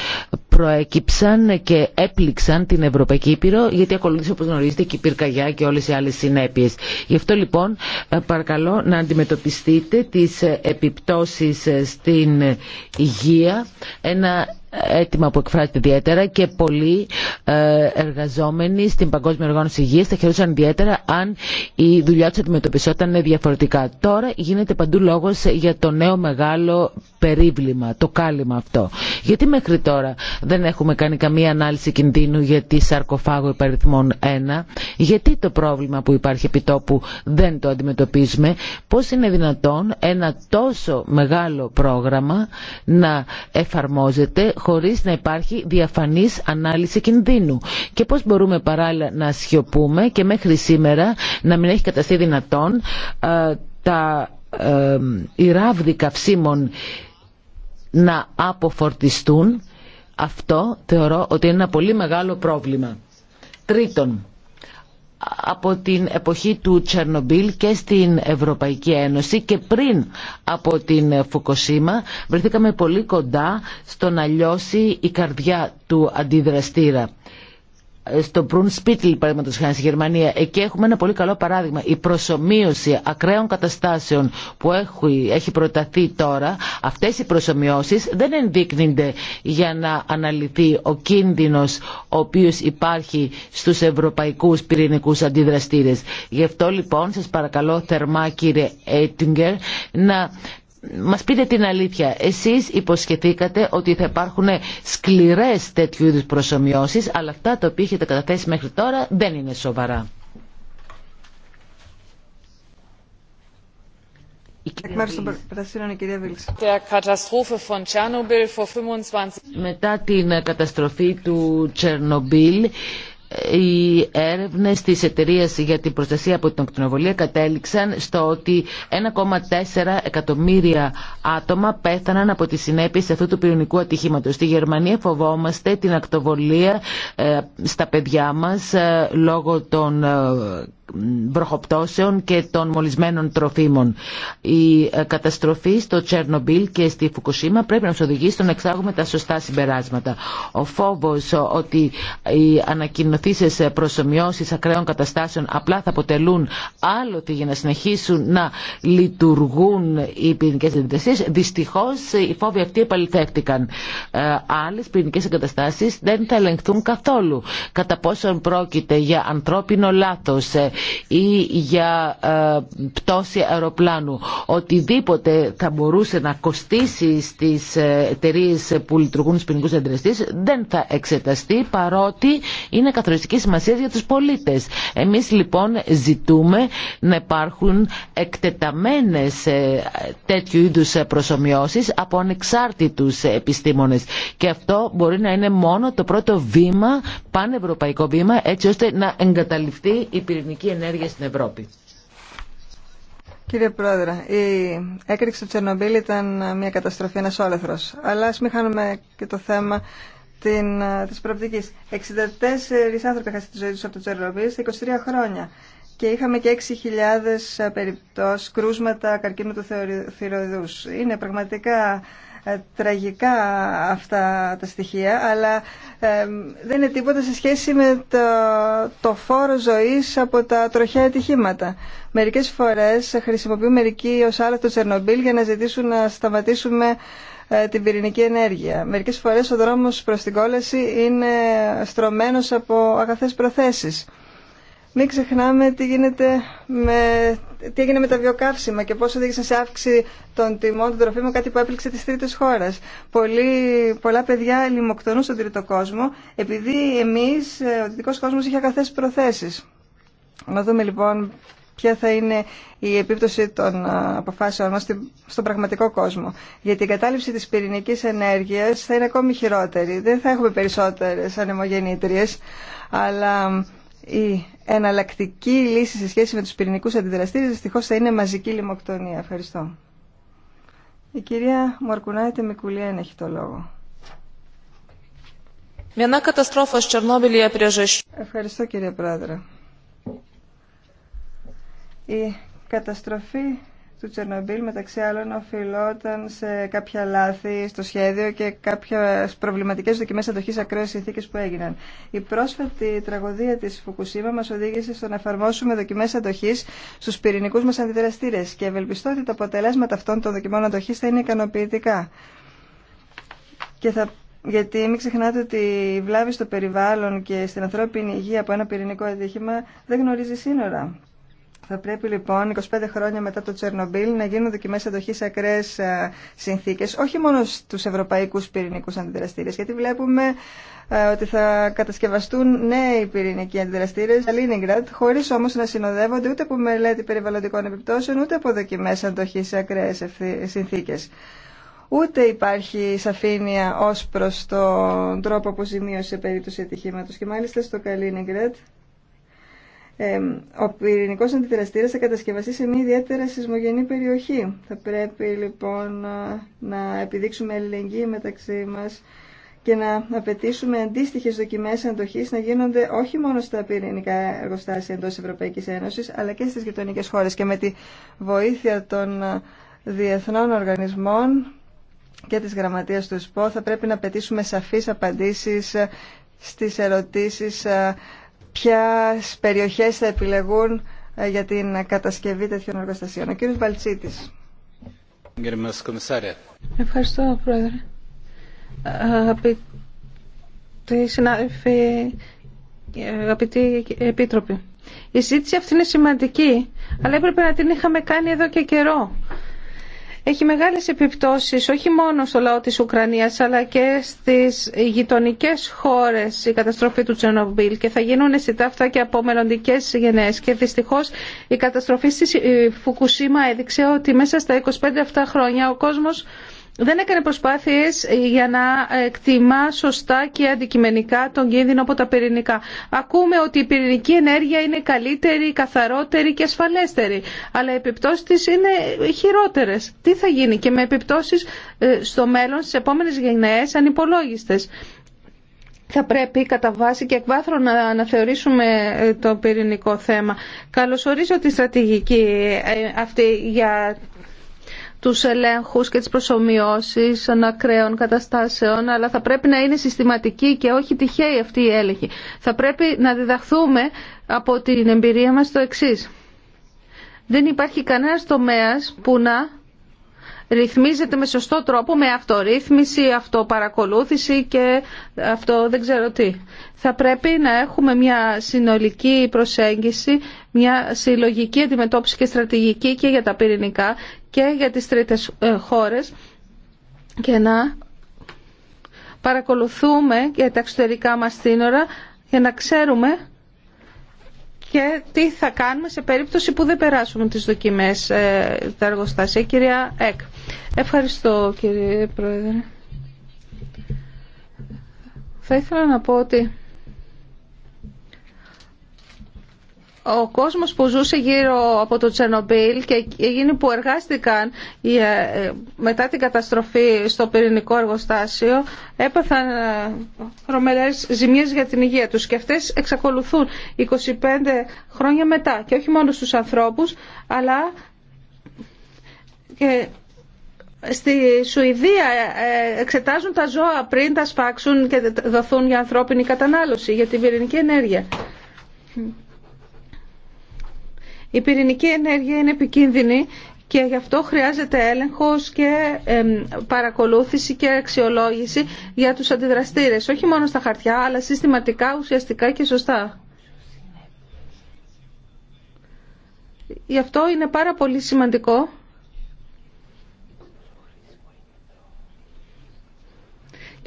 Speaker 1: προέκυψαν και έπληξαν την Ευρωπαϊκή Ήπειρο γιατί ακολούθησε όπως γνωρίζετε και η πυρκαγιά και όλες οι άλλες συνέπειες. Γι' αυτό λοιπόν ε, παρακαλώ να αντιμετωπιστείτε τις ε, επιπτώσεις στην υγεία ένα αίτημα που εκφράζεται ιδιαίτερα και πολλοί εργαζόμενοι στην Παγκόσμια Οργάνωση Υγείας θα χαιρούσαν ιδιαίτερα αν η δουλειά του αντιμετωπισόταν διαφορετικά. Τώρα γίνεται παντού λόγος για το νέο μεγάλο περίβλημα, το κάλυμα αυτό. Γιατί μέχρι τώρα δεν έχουμε κάνει καμία ανάλυση κινδύνου για τη σαρκοφάγο υπαριθμών 1. Γιατί το πρόβλημα που υπάρχει επί τόπου δεν το αντιμετωπίζουμε. Πώς είναι δυνατόν ένα τόσο μεγάλο πρόγραμμα να εφαρμόζεται χωρίς να υπάρχει διαφανής ανάλυση κινδύνου. Και πώς μπορούμε παράλληλα να σιωπούμε και μέχρι σήμερα να μην έχει καταστεί δυνατόν ε, τα, ε, καυσίμων να αποφορτιστούν, αυτό θεωρώ ότι είναι ένα πολύ μεγάλο πρόβλημα. Τρίτον, από την εποχή του Τσερνομπίλ και στην Ευρωπαϊκή Ένωση και πριν από την Φουκοσίμα βρεθήκαμε πολύ κοντά στο να λιώσει η καρδιά του αντιδραστήρα στο Προυν Σπίτλ, παραδείγματο χάρη στη Γερμανία, εκεί έχουμε ένα πολύ καλό παράδειγμα. Η προσωμείωση ακραίων καταστάσεων που έχει, έχει προταθεί τώρα, αυτέ οι προσωμιώσει δεν ενδείκνυνται για να αναλυθεί ο κίνδυνο ο οποίο υπάρχει στου ευρωπαϊκού πυρηνικού αντιδραστήρε. Γι' αυτό λοιπόν σα παρακαλώ θερμά κύριε Έτιγκερ να μας πείτε την αλήθεια. Εσείς υποσχεθήκατε ότι θα υπάρχουν σκληρές τέτοιου είδους προσωμιώσεις, αλλά αυτά τα οποία έχετε καταθέσει μέχρι τώρα δεν είναι σοβαρά. Μετά την καταστροφή του Τσερνομπίλ οι έρευνες της εταιρεία για την προστασία από την ακτινοβολία κατέληξαν στο ότι 1,4 εκατομμύρια άτομα πέθαναν από τις συνέπειες αυτού του πυρηνικού ατυχήματος. Στη Γερμανία φοβόμαστε την ακτοβολία ε, στα παιδιά μας ε, λόγω των ε, βροχοπτώσεων και των μολυσμένων τροφίμων. Η ε, καταστροφή στο Τσέρνομπιλ και στη Φουκουσίμα πρέπει να μας οδηγήσει στο να εξάγουμε τα σωστά συμπεράσματα. Ο φόβος ε, ότι οι ανακοινωθήσεις ε, προσωμιώσεις ακραίων καταστάσεων απλά θα αποτελούν άλλοτι για να συνεχίσουν να λειτουργούν οι πυρηνικές διαδικασίες. Δυστυχώς οι φόβοι αυτοί επαληθεύτηκαν. Άλλε πυρηνικές εγκαταστάσεις δεν θα ελεγχθούν καθόλου. Κατά πόσον πρόκειται για ανθρώπινο λάθος, ή για ε, πτώση αεροπλάνου. Οτιδήποτε θα μπορούσε να κοστίσει στις ε, εταιρείε που λειτουργούν στους ποινικού δεν θα εξεταστεί παρότι είναι καθοριστική σημασία για τους πολίτες. Εμείς λοιπόν ζητούμε να υπάρχουν εκτεταμένες ε, τέτοιου είδους προσωμιώσεις από ανεξάρτητους επιστήμονες και αυτό μπορεί να είναι μόνο το πρώτο βήμα, πανευρωπαϊκό βήμα έτσι ώστε να εγκαταληφθεί η πυρηνική ηλεκτρική ενέργεια στην Ευρώπη.
Speaker 2: Κύριε Πρόεδρε, η έκρηξη του Τσερνομπίλ ήταν μια καταστροφή, ένα όλεθρο. Αλλά α μην χάνουμε και το θέμα τη της 64 άνθρωποι έχασαν τη ζωή του από το Τσερνομπίλ σε 23 χρόνια. Και είχαμε και 6.000 ε, περιπτώσει κρούσματα καρκίνου του θηροειδού. Είναι πραγματικά ε, τραγικά αυτά τα στοιχεία, αλλά δεν είναι τίποτα σε σχέση με το, το φόρο ζωής από τα τροχιά ατυχήματα. Μερικές φορές χρησιμοποιούν μερικοί ως άλλα το Τσερνομπίλ για να ζητήσουν να σταματήσουμε ε, την πυρηνική ενέργεια. Μερικές φορές ο δρόμος προς την κόλαση είναι στρωμένος από αγαθές προθέσεις. Μην ξεχνάμε τι, γίνεται με, τι έγινε με τα βιοκαύσιμα και πώς οδήγησαν σε αύξηση των τιμών των τροφίμων, κάτι που έπληξε τις τρίτες χώρες. Πολύ, πολλά παιδιά λιμοκτονούν στον τρίτο κόσμο, επειδή εμείς, ε, ο δυτικός κόσμος, είχε καθές προθέσεις. Να δούμε λοιπόν ποια θα είναι η επίπτωση των ε, αποφάσεων μας στον πραγματικό κόσμο. Γιατί η κατάληψη της πυρηνικής ενέργειας θα είναι ακόμη χειρότερη. Δεν θα έχουμε περισσότερες ανεμογεννήτριες, αλλά η εναλλακτική λύση σε σχέση με τους πυρηνικούς αντιδραστήρες δυστυχώς θα είναι μαζική λιμοκτονία. Ευχαριστώ. Η κυρία Μορκουνάιτε Μικουλιέν έχει το λόγο. Ευχαριστώ κύριε Πρόεδρε. Η καταστροφή του Τσερνομπίλ μεταξύ άλλων οφειλόταν σε κάποια λάθη στο σχέδιο και κάποιες προβληματικές δοκιμές αντοχής ακραίες συνθήκες που έγιναν. Η πρόσφατη τραγωδία της Φουκουσίμα μας οδήγησε στο να εφαρμόσουμε δοκιμές αντοχής στους πυρηνικούς μας αντιδραστήρες και ευελπιστώ ότι τα αποτελέσματα αυτών των δοκιμών αντοχής θα είναι ικανοποιητικά. Και θα γιατί μην ξεχνάτε ότι η βλάβη στο περιβάλλον και στην ανθρώπινη υγεία από ένα πυρηνικό ατύχημα δεν γνωρίζει σύνορα. Θα πρέπει λοιπόν 25 χρόνια μετά το Τσερνομπίλ να γίνουν δοκιμές αντοχής σε ακραίες ε, συνθήκες, όχι μόνο στους ευρωπαϊκούς πυρηνικούς αντιδραστήρες, γιατί βλέπουμε ε, ότι θα κατασκευαστούν νέοι πυρηνικοί αντιδραστήρες στα Λίνιγκρατ, χωρίς όμως να συνοδεύονται ούτε από μελέτη περιβαλλοντικών επιπτώσεων, ούτε από δοκιμές αντοχής σε ακραίες συνθήκες. Ούτε υπάρχει σαφήνεια ως προς τον τρόπο που σε περίπτωση ατυχήματος και μάλιστα στο Καλίνιγκραντ ο πυρηνικό αντιδραστήρα θα κατασκευαστεί σε μια ιδιαίτερα σεισμογενή περιοχή. Θα πρέπει λοιπόν να επιδείξουμε αλληλεγγύη μεταξύ μα και να απαιτήσουμε αντίστοιχε δοκιμέ αντοχή να γίνονται όχι μόνο στα πυρηνικά εργοστάσια εντό Ευρωπαϊκή Ένωση, αλλά και στι γειτονικέ χώρε. Και με τη βοήθεια των διεθνών οργανισμών και της γραμματείας του ΣΠΟ θα πρέπει να πετήσουμε σαφείς απαντήσεις στις ερωτήσεις ποιες περιοχές θα επιλεγούν ε, για την κατασκευή τέτοιων εργοστασίων. Ο κύριος Βαλτσίτης. Ευχαριστώ, Πρόεδρε. Αγαπητοί
Speaker 3: συνάδελφοι, αγαπητοί επίτροποι, η ζήτηση αυτή είναι σημαντική, αλλά έπρεπε να την είχαμε κάνει εδώ και καιρό έχει μεγάλες επιπτώσεις όχι μόνο στο λαό της Ουκρανίας αλλά και στις γειτονικέ χώρες η καταστροφή του Τσενομπίλ και θα γίνουν αισθητά αυτά και από μελλοντικέ γενναίες και δυστυχώς η καταστροφή στη Φουκουσίμα έδειξε ότι μέσα στα 25 αυτά χρόνια ο κόσμος δεν έκανε προσπάθειες ε, για να ε, εκτιμά σωστά και αντικειμενικά τον κίνδυνο από τα πυρηνικά. Ακούμε ότι η πυρηνική ενέργεια είναι καλύτερη, καθαρότερη και ασφαλέστερη, αλλά οι επιπτώσεις της είναι ε, χειρότερες. Τι θα γίνει και με επιπτώσεις στο μέλλον στις επόμενες γενναίες ανυπολόγιστες. Θα πρέπει κατά βάση και εκβάθρον να αναθεωρήσουμε το πυρηνικό θέμα. Καλωσορίζω τη στρατηγική αυτή για τους ελέγχους και τις προσωμιώσεις των καταστάσεων, αλλά θα πρέπει να είναι συστηματική και όχι τυχαία αυτή η έλεγχη. Θα πρέπει να διδαχθούμε από την εμπειρία μας το εξής. Δεν υπάρχει κανένας τομέας που να ρυθμίζεται με σωστό τρόπο, με αυτορύθμιση, αυτοπαρακολούθηση και αυτό δεν ξέρω τι. Θα πρέπει να έχουμε μια συνολική προσέγγιση, μια συλλογική αντιμετώπιση και στρατηγική και για τα πυρηνικά και για τις τρίτες ε, χώρες και να παρακολουθούμε για τα εξωτερικά μας σύνορα για να ξέρουμε και τι θα κάνουμε σε περίπτωση που δεν περάσουμε τις δοκιμές ε, τα εργοστάσια. Κυρία Εκ. Ευχαριστώ κύριε Πρόεδρε. Θα ήθελα να πω ότι ο κόσμος που ζούσε γύρω από το Τσενομπίλ και εκείνοι που εργάστηκαν ε, μετά την καταστροφή στο πυρηνικό εργοστάσιο έπαθαν ε, χρωμελές ζημιές για την υγεία τους και αυτές εξακολουθούν 25 χρόνια μετά και όχι μόνο στους ανθρώπους αλλά και Στη Σουηδία ε, εξετάζουν τα ζώα πριν τα σπάξουν και δοθούν για ανθρώπινη κατανάλωση, για την πυρηνική ενέργεια. Η πυρηνική ενέργεια είναι επικίνδυνη και γι' αυτό χρειάζεται έλεγχος και παρακολούθηση και αξιολόγηση για τους αντιδραστήρες. Όχι μόνο στα χαρτιά, αλλά συστηματικά, ουσιαστικά και σωστά. Γι' αυτό είναι πάρα πολύ σημαντικό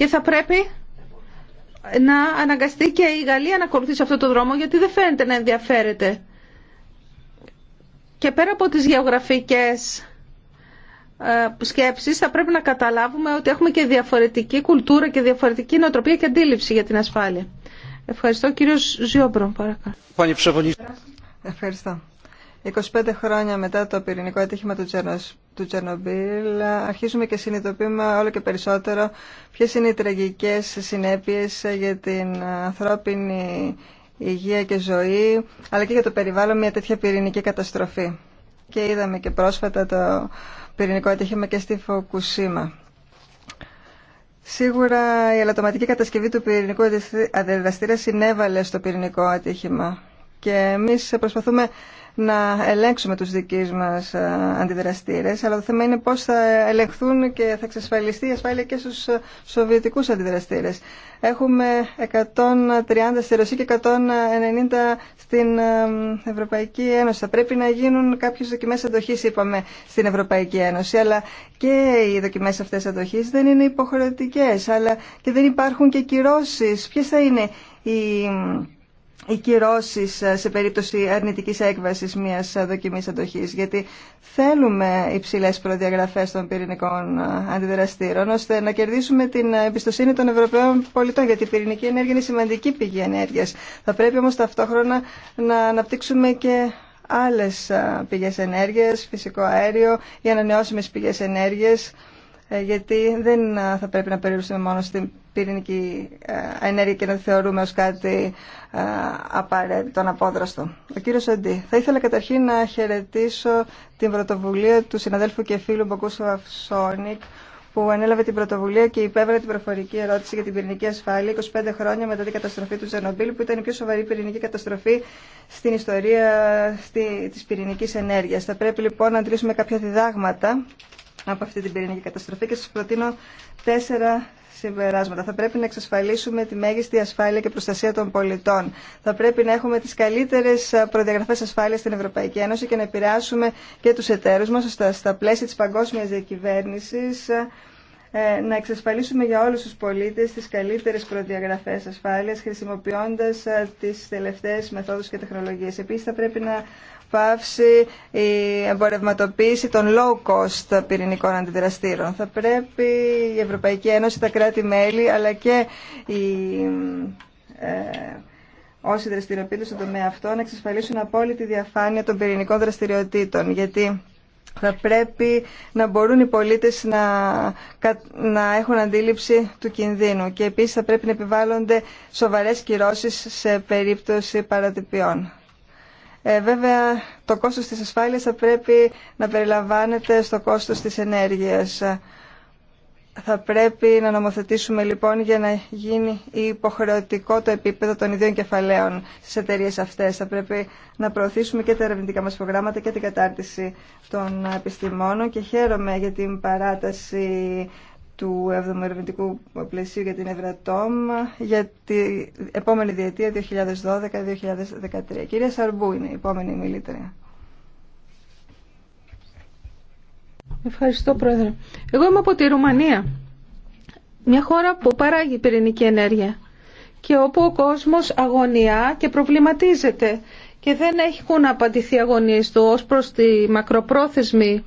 Speaker 3: Και θα πρέπει να αναγκαστεί και η Γαλλία να ακολουθήσει αυτό το δρόμο γιατί δεν φαίνεται να ενδιαφέρεται. Και πέρα από τις γεωγραφικές ε, σκέψεις θα πρέπει να καταλάβουμε ότι έχουμε και διαφορετική κουλτούρα και διαφορετική νοοτροπία και αντίληψη
Speaker 2: για την ασφάλεια. Ευχαριστώ κύριο Ζιόμπρο παρακαλώ. Ευχαριστώ. 25 χρόνια μετά το πυρηνικό ατύχημα του, Τσερνομπίλ αρχίζουμε και συνειδητοποιούμε όλο και περισσότερο ποιες είναι οι τραγικές συνέπειες για την ανθρώπινη υγεία και ζωή αλλά και για το περιβάλλον μια τέτοια πυρηνική καταστροφή. Και είδαμε και πρόσφατα το πυρηνικό ατύχημα και στη Φοκουσίμα. Σίγουρα η ελαττωματική κατασκευή του πυρηνικού αντιδραστήρα συνέβαλε στο πυρηνικό ατύχημα. Και εμείς προσπαθούμε να ελέγξουμε τους δικείς μας ε, αντιδραστήρες, αλλά το θέμα είναι πώς θα ελεγχθούν και θα εξασφαλιστεί η ασφάλεια και στους ε, σοβιετικούς αντιδραστήρες. Έχουμε 130 στη Ρωσία και 190 στην ε, Ευρωπαϊκή Ένωση. Θα πρέπει να γίνουν κάποιες δοκιμές αντοχής, είπαμε, στην Ευρωπαϊκή Ένωση, αλλά και οι δοκιμές αυτές αντοχής δεν είναι υποχρεωτικές, αλλά και δεν υπάρχουν και κυρώσεις. Ποιες θα είναι οι οι κυρώσει ε, σε περίπτωση αρνητική έκβαση μια ε, δοκιμή αντοχής, γιατί θέλουμε υψηλέ προδιαγραφέ των πυρηνικών ε, αντιδραστήρων, ώστε να κερδίσουμε την εμπιστοσύνη των Ευρωπαίων πολιτών, γιατί η πυρηνική ενέργεια είναι σημαντική πηγή ενέργεια. Θα πρέπει όμω ταυτόχρονα να αναπτύξουμε και άλλε πηγέ ενέργεια, φυσικό αέριο ή ανανεώσιμε πηγέ ενέργεια, γιατί δεν θα πρέπει να περιοριστούμε μόνο στην πυρηνική ε, ενέργεια και να τη θεωρούμε ως κάτι ε, απαραίτητο, απόδραστο. Ο κύριος Σοντή, θα ήθελα καταρχήν να χαιρετήσω την πρωτοβουλία του συναδέλφου και φίλου Μποκούσου Αυσόνικ που ανέλαβε την πρωτοβουλία και υπέβαλε την προφορική ερώτηση για την πυρηνική ασφάλεια 25 χρόνια μετά την καταστροφή του Τζενομπίλ, που ήταν η πιο σοβαρή πυρηνική καταστροφή στην ιστορία τη πυρηνική ενέργεια. Θα πρέπει λοιπόν να αντλήσουμε κάποια διδάγματα από αυτή την πυρηνική καταστροφή και σα προτείνω τέσσερα συμπεράσματα. Θα πρέπει να εξασφαλίσουμε τη μέγιστη ασφάλεια και προστασία των πολιτών. Θα πρέπει να έχουμε τι καλύτερε προδιαγραφέ ασφάλεια στην Ευρωπαϊκή Ένωση και να επηρεάσουμε και του εταίρου μα στα πλαίσια τη παγκόσμια διακυβέρνηση ε, να εξασφαλίσουμε για όλους τους πολίτες τις καλύτερες προδιαγραφές ασφάλειας χρησιμοποιώντας ε, τις τελευταίες μεθόδους και τεχνολογίες. Επίσης θα πρέπει να πάψει η εμπορευματοποίηση των low cost πυρηνικών αντιδραστήρων. Θα πρέπει η Ευρωπαϊκή Ένωση, τα κράτη-μέλη αλλά και οι, ε, όσοι δραστηριοποιούνται στον τομέα αυτό να εξασφαλίσουν απόλυτη διαφάνεια των πυρηνικών δραστηριοτήτων. Γιατί θα πρέπει να μπορούν οι πολίτες να, να έχουν αντίληψη του κινδύνου και επίσης θα πρέπει να επιβάλλονται σοβαρές κυρώσεις σε περίπτωση παρατυπιών. Ε, βέβαια, το κόστος της ασφάλειας θα πρέπει να περιλαμβάνεται στο κόστος της ενέργειας. Θα πρέπει να νομοθετήσουμε λοιπόν για να γίνει υποχρεωτικό το επίπεδο των ιδίων κεφαλαίων στις εταιρείες αυτές. Θα πρέπει να προωθήσουμε και τα ερευνητικά μας προγράμματα και την κατάρτιση των επιστημόνων και χαίρομαι για την παράταση του 7ου Ερευνητικού Πλαισίου για την Ευρατόμ για την επόμενη διετία 2012-2013. Κυρία Σαρμπού είναι η επόμενη μιλήτρια.
Speaker 3: Ευχαριστώ Πρόεδρε. Εγώ είμαι από τη Ρουμανία, μια χώρα που παράγει πυρηνική ενέργεια και όπου ο κόσμος αγωνιά και προβληματίζεται και δεν έχουν απαντηθεί αγωνίες του ως προς τη μακροπρόθεσμη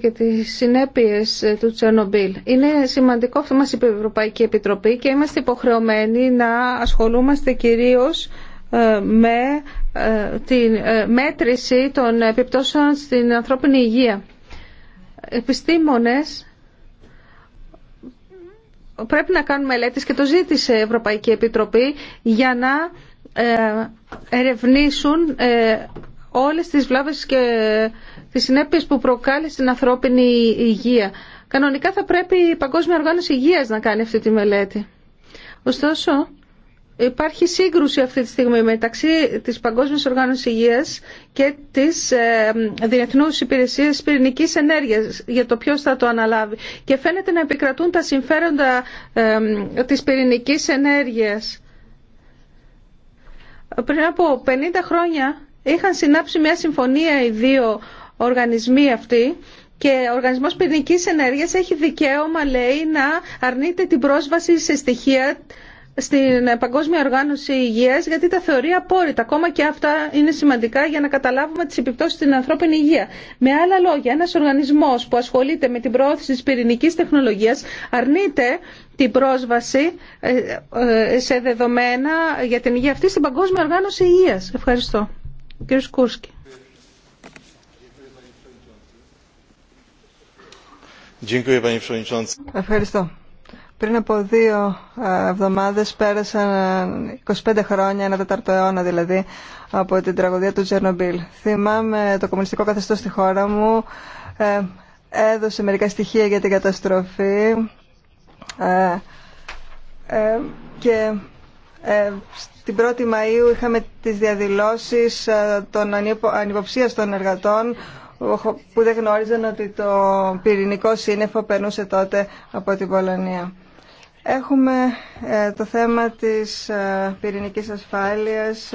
Speaker 3: και τις συνέπειες ε, του Τσένομπιλ. Είναι σημαντικό αυτό μας είπε η Ευρωπαϊκή Επιτροπή και είμαστε υποχρεωμένοι να ασχολούμαστε κυρίως ε, με ε, τη μέτρηση των επιπτώσεων στην ανθρώπινη υγεία. Επιστήμονες πρέπει να κάνουν μελέτες και το ζήτησε η Ευρωπαϊκή Επιτροπή για να ερευνήσουν όλες τις βλάβες και τις συνέπειες που προκάλεσε στην ανθρώπινη υγεία. Κανονικά θα πρέπει η Παγκόσμια Οργάνωση Υγείας να κάνει αυτή τη μελέτη. Ωστόσο, υπάρχει σύγκρουση αυτή τη στιγμή μεταξύ της Παγκόσμιας Οργάνωσης Υγείας και της ε, Διεθνούς Υπηρεσίας Πυρηνικής Ενέργειας για το ποιος θα το αναλάβει. Και φαίνεται να επικρατούν τα συμφέροντα ε, της πυρηνικής ενέργειας. Πριν από 50 χρόνια είχαν συνάψει μια συμφωνία οι δύο οργανισμοί αυτοί και ο Οργανισμό Πυρηνική ενέργεια έχει δικαίωμα, λέει, να αρνείται την πρόσβαση σε στοιχεία στην Παγκόσμια Οργάνωση Υγεία, γιατί τα θεωρεί απόρριτα. Ακόμα και αυτά είναι σημαντικά για να καταλάβουμε τι επιπτώσει στην ανθρώπινη υγεία. Με άλλα λόγια, ένα οργανισμό που ασχολείται με την προώθηση τη πυρηνική τεχνολογία, αρνείται την πρόσβαση ε, ε, σε δεδομένα για την υγεία αυτή στην Παγκόσμια Οργάνωση Υγεία. Ευχαριστώ. Κύριε
Speaker 2: Ευχαριστώ. Πριν από δύο ε, εβδομάδε. πέρασαν 25 ε, χρόνια, ένα τέταρτο αιώνα δηλαδή, από την τραγωδία του Τζερνομπίλ. Θυμάμαι το κομμουνιστικό καθεστώ στη χώρα μου, ε, έδωσε μερικά στοιχεία για την καταστροφή και την 1η Μαΐου είχαμε τις διαδηλώσεις των ανυποψίας των εργατών που δεν γνώριζαν ότι το πυρηνικό σύννεφο περνούσε τότε από την Πολωνία. Έχουμε ε, το θέμα της ε, πυρηνικής ασφάλειας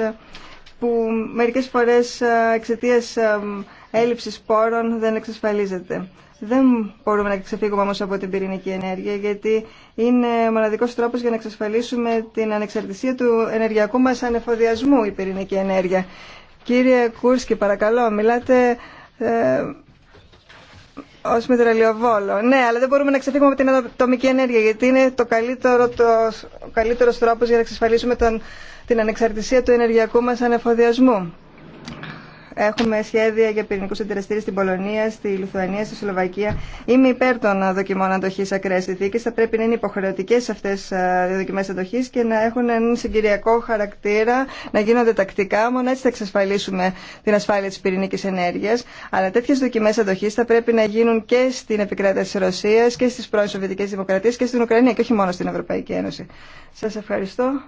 Speaker 2: που μερικές φορές ε, εξαιτία έλλειψης πόρων δεν εξασφαλίζεται. Δεν μπορούμε να ξεφύγουμε όμως από την πυρηνική ενέργεια γιατί είναι μοναδικός τρόπος για να εξασφαλίσουμε την ανεξαρτησία του ενεργειακού μας ανεφοδιασμού η πυρηνική ενέργεια. Κύριε Κούρσκι, παρακαλώ, μιλάτε ε, ως Ναι, αλλά δεν μπορούμε να ξεφύγουμε από την ατομική ενέργεια, γιατί είναι το καλύτερο, το, ο καλύτερος τρόπος για να εξασφαλίσουμε την ανεξαρτησία του ενεργειακού μας ανεφοδιασμού. Έχουμε σχέδια για πυρηνικού συντηρητήρε στην Πολωνία, στη Λιθουανία, στη Σλοβακία. Είμαι υπέρ των δοκιμών αντοχή ακραίε συνθήκε. Θα πρέπει να είναι υποχρεωτικέ αυτέ οι δοκιμέ αντοχή και να έχουν έναν συγκυριακό χαρακτήρα, να γίνονται τακτικά. Μόνο έτσι θα εξασφαλίσουμε την ασφάλεια τη πυρηνική ενέργεια. Αλλά τέτοιε δοκιμέ αντοχή θα πρέπει να γίνουν και στην επικράτεια τη Ρωσία και στι πρώην Σοβιετικέ Δημοκρατίε και στην Ουκρανία και όχι μόνο στην Ευρωπαϊκή Ένωση. Σα ευχαριστώ.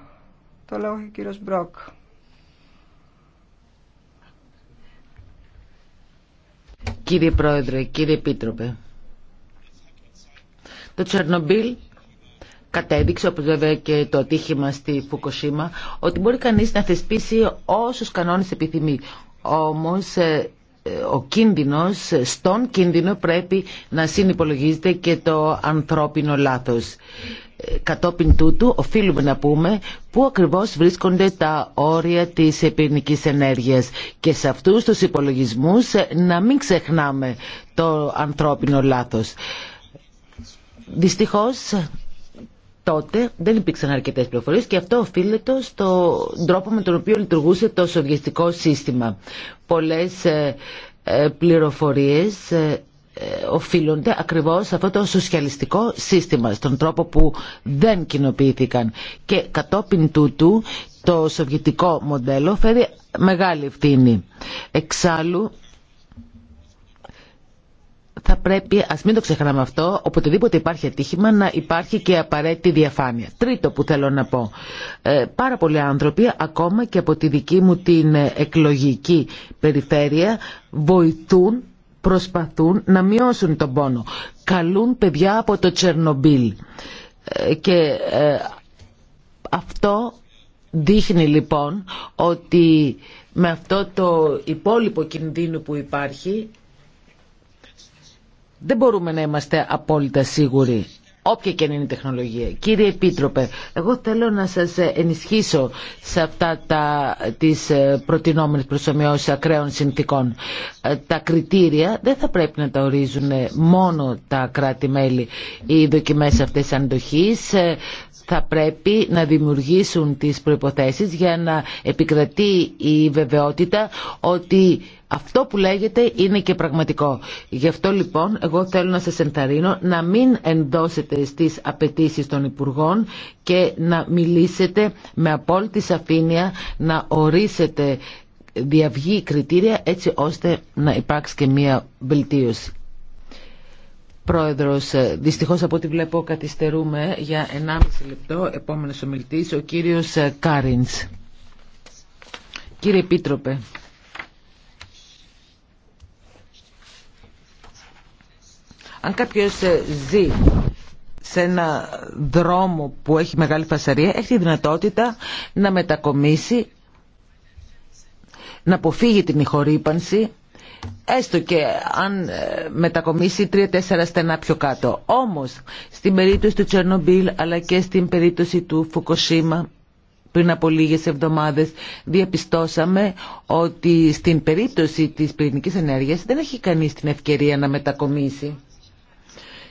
Speaker 2: Το λόγο ο Μπροκ.
Speaker 1: Κύριε Πρόεδρε, κύριε Επίτροπε, το Τσερνομπίλ κατέδειξε, όπως βέβαια και το ατύχημα στη Φουκοσίμα, ότι μπορεί κανείς να θεσπίσει όσους κανόνες επιθυμεί. Όμως ε, ε, ο κίνδυνος, στον κίνδυνο πρέπει να συνυπολογίζεται και το ανθρώπινο λάθος κατόπιν τούτου οφείλουμε να πούμε πού ακριβώς βρίσκονται τα όρια της πυρηνικής ενέργειας και σε αυτούς τους υπολογισμούς ε, να μην ξεχνάμε το ανθρώπινο λάθος. Δυστυχώς τότε δεν υπήρξαν αρκετές πληροφορίες και αυτό οφείλεται στον τρόπο με τον οποίο λειτουργούσε το σοβιετικό σύστημα. Πολλές ε, ε, πληροφορίες οφείλονται ακριβώς σε αυτό το σοσιαλιστικό σύστημα, στον τρόπο που δεν κοινοποιήθηκαν. Και κατόπιν τούτου το σοβιετικό μοντέλο φέρει μεγάλη ευθύνη. Εξάλλου θα πρέπει, ας μην το ξεχνάμε αυτό, οποτεδήποτε υπάρχει ατύχημα να υπάρχει και απαραίτητη διαφάνεια. Τρίτο που θέλω να πω, ε, πάρα πολλοί άνθρωποι ακόμα και από τη δική μου την εκλογική περιφέρεια βοηθούν προσπαθούν να μειώσουν τον πόνο. Καλούν παιδιά από το Τσερνομπίλ. Ε, και ε, αυτό δείχνει λοιπόν ότι με αυτό το υπόλοιπο κινδύνο που υπάρχει δεν μπορούμε να είμαστε απόλυτα σίγουροι όποια και είναι η τεχνολογία. Κύριε Επίτροπε, εγώ θέλω να σας ενισχύσω σε αυτά τα, τις ε, προτινόμενες προσωμιώσεις ακραίων συνθήκων. Ε, τα κριτήρια δεν θα πρέπει να τα ορίζουν μόνο τα κράτη-μέλη. Οι δοκιμές αυτές αντοχής ε, θα πρέπει να δημιουργήσουν τις προϋποθέσεις για να επικρατεί η βεβαιότητα ότι αυτό που λέγεται είναι και πραγματικό. Γι' αυτό λοιπόν εγώ θέλω να σας ενθαρρύνω να μην ενδώσετε στις απαιτήσεις των Υπουργών και να μιλήσετε με απόλυτη σαφήνεια, να ορίσετε διαυγή κριτήρια έτσι ώστε να υπάρξει και μία βελτίωση. Πρόεδρος, ε, δυστυχώς από ό,τι βλέπω καθυστερούμε για 1,5 λεπτό. Επόμενος ομιλητής, ο κύριος ε, Κάριντς. Κύριε Επίτροπε. Αν κάποιος ε, ζει σε ένα δρόμο που έχει μεγάλη φασαρία, έχει τη δυνατότητα να μετακομίσει, να αποφύγει την ηχορύπανση, έστω και αν ε, μετακομίσει τρία-τέσσερα στενά πιο κάτω. Όμως, στην περίπτωση του Τσερνομπίλ αλλά και στην περίπτωση του Φουκοσίμα πριν από λίγες εβδομάδες διαπιστώσαμε ότι στην περίπτωση της πυρηνικής ενέργειας δεν έχει κανείς την ευκαιρία να μετακομίσει.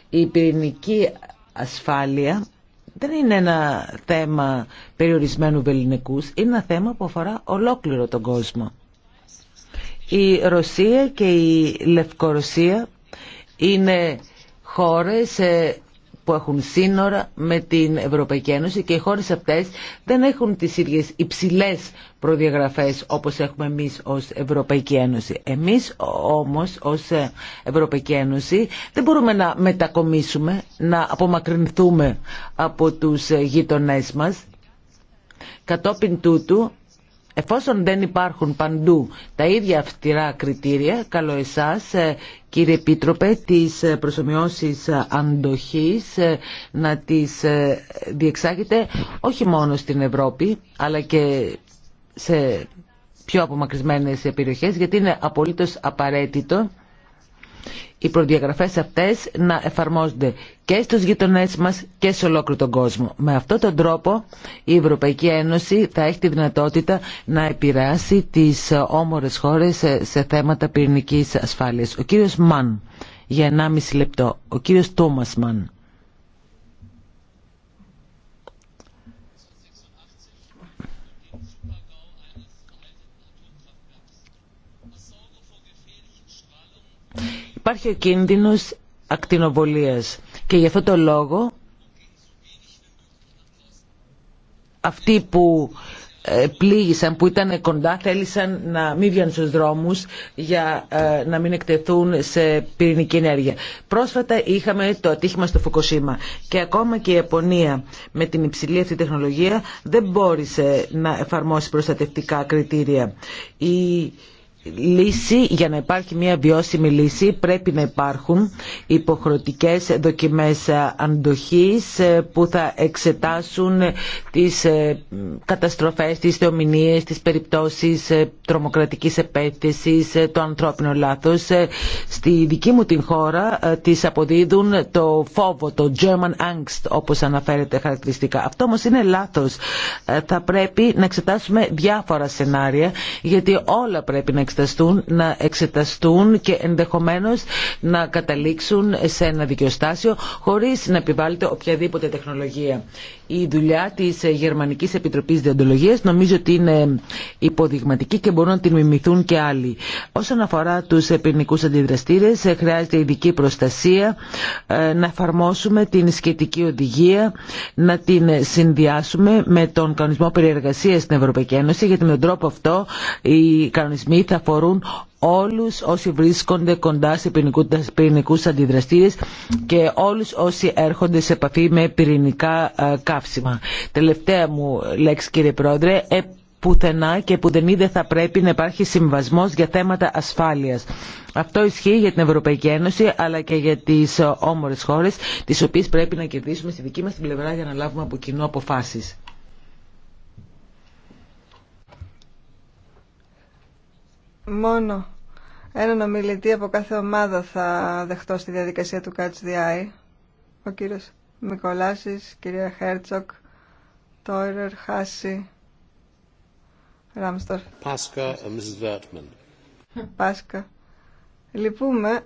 Speaker 1: Η πυρηνική ασφάλεια δεν είναι ένα θέμα περιορισμένου βεληνικούς, είναι ένα θέμα που αφορά ολόκληρο τον κόσμο. Η Ρωσία και η Λευκορωσία είναι χώρες ε, που έχουν σύνορα με την Ευρωπαϊκή Ένωση και οι χώρες αυτές δεν έχουν τις ίδιες υψηλές προδιαγραφές όπως έχουμε εμείς ως Ευρωπαϊκή Ένωση. Εμείς όμως ως ε, Ευρωπαϊκή Ένωση δεν μπορούμε να μετακομίσουμε, να απομακρυνθούμε από τους ε, γειτονές μας. Κατόπιν τούτου Εφόσον δεν υπάρχουν παντού τα ίδια αυτηρά κριτήρια, καλό εσάς ε, κύριε Επίτροπε τι ε, προσωμιώσει ε, αντοχής να τις διεξάγετε όχι μόνο στην Ευρώπη αλλά και σε πιο απομακρυσμένες περιοχές γιατί είναι απολύτως απαραίτητο οι προδιαγραφές αυτές να εφαρμόζονται και στους γειτονές μας και σε ολόκληρο τον κόσμο. Με αυτόν τον τρόπο η Ευρωπαϊκή Ένωση θα έχει τη δυνατότητα να επηρεάσει τις όμορες χώρες σε θέματα πυρηνικής ασφάλειας. Ο κύριος Μαν για 1,5 λεπτό. Ο κύριος Τόμας Μαν. υπάρχει ο κίνδυνος ακτινοβολίας και γι' αυτό το λόγο αυτοί που ε, πλήγησαν, που ήταν κοντά, θέλησαν να μην βγαίνουν στους δρόμους για ε, να μην εκτεθούν σε πυρηνική ενέργεια. Πρόσφατα είχαμε το ατύχημα στο Φουκοσίμα και ακόμα και η Ιαπωνία με την υψηλή αυτή τεχνολογία δεν μπόρεσε να εφαρμόσει προστατευτικά κριτήρια. Η λύση, για να υπάρχει μια βιώσιμη λύση πρέπει να υπάρχουν υποχρεωτικές δοκιμές αντοχής ε, που θα εξετάσουν τις ε, καταστροφές, τις θεομηνίες, τις περιπτώσεις ε, τρομοκρατικής επέκτησης, το ανθρώπινο λάθος. Στη δική μου την χώρα τις αποδίδουν το φόβο, το German Angst όπως αναφέρεται χαρακτηριστικά. Αυτό όμως είναι λάθος. Θα πρέπει να εξετάσουμε διάφορα σενάρια γιατί όλα πρέπει να εξεταστούν, να εξεταστούν και ενδεχομένως να καταλήξουν σε ένα δικαιοστάσιο χωρίς να επιβάλλεται οποιαδήποτε τεχνολογία. Η δουλειά της Γερμανικής Επιτροπής Διοντολογίας νομίζω ότι είναι υποδειγματική και μπορούν να την μιμηθούν και άλλοι. Όσον αφορά τους ποινικούς αντιδραστήρες, χρειάζεται ειδική προστασία, ε, να εφαρμόσουμε την σχετική οδηγία, να την συνδυάσουμε με τον κανονισμό περιεργασίας στην Ευρωπαϊκή Ένωση, γιατί με τον τρόπο αυτό οι κανονισμοί θα αφορούν όλους όσοι βρίσκονται κοντά σε πυρηνικούς αντιδραστήρες και όλους όσοι έρχονται σε επαφή με πυρηνικά ε, καύσιμα. Τελευταία μου λέξη κύριε Πρόεδρε, ε, πουθενά και που δεν θα πρέπει να υπάρχει συμβασμός για θέματα ασφάλειας. Αυτό ισχύει για την Ευρωπαϊκή Ένωση αλλά και για τις ε, όμορες χώρες τις οποίες πρέπει να κερδίσουμε στη δική μας την πλευρά για να λάβουμε από κοινό αποφάσεις.
Speaker 2: μόνο έναν ομιλητή από κάθε ομάδα θα δεχτώ στη διαδικασία του Catch the Eye. Ο κύριος Μικολάσης, κυρία Χέρτσοκ, Τόιρερ, Χάση, Ράμστορ.
Speaker 3: Πάσκα, ε, Mrs. Βέρτμαν.
Speaker 2: Πάσκα. Λυπούμε.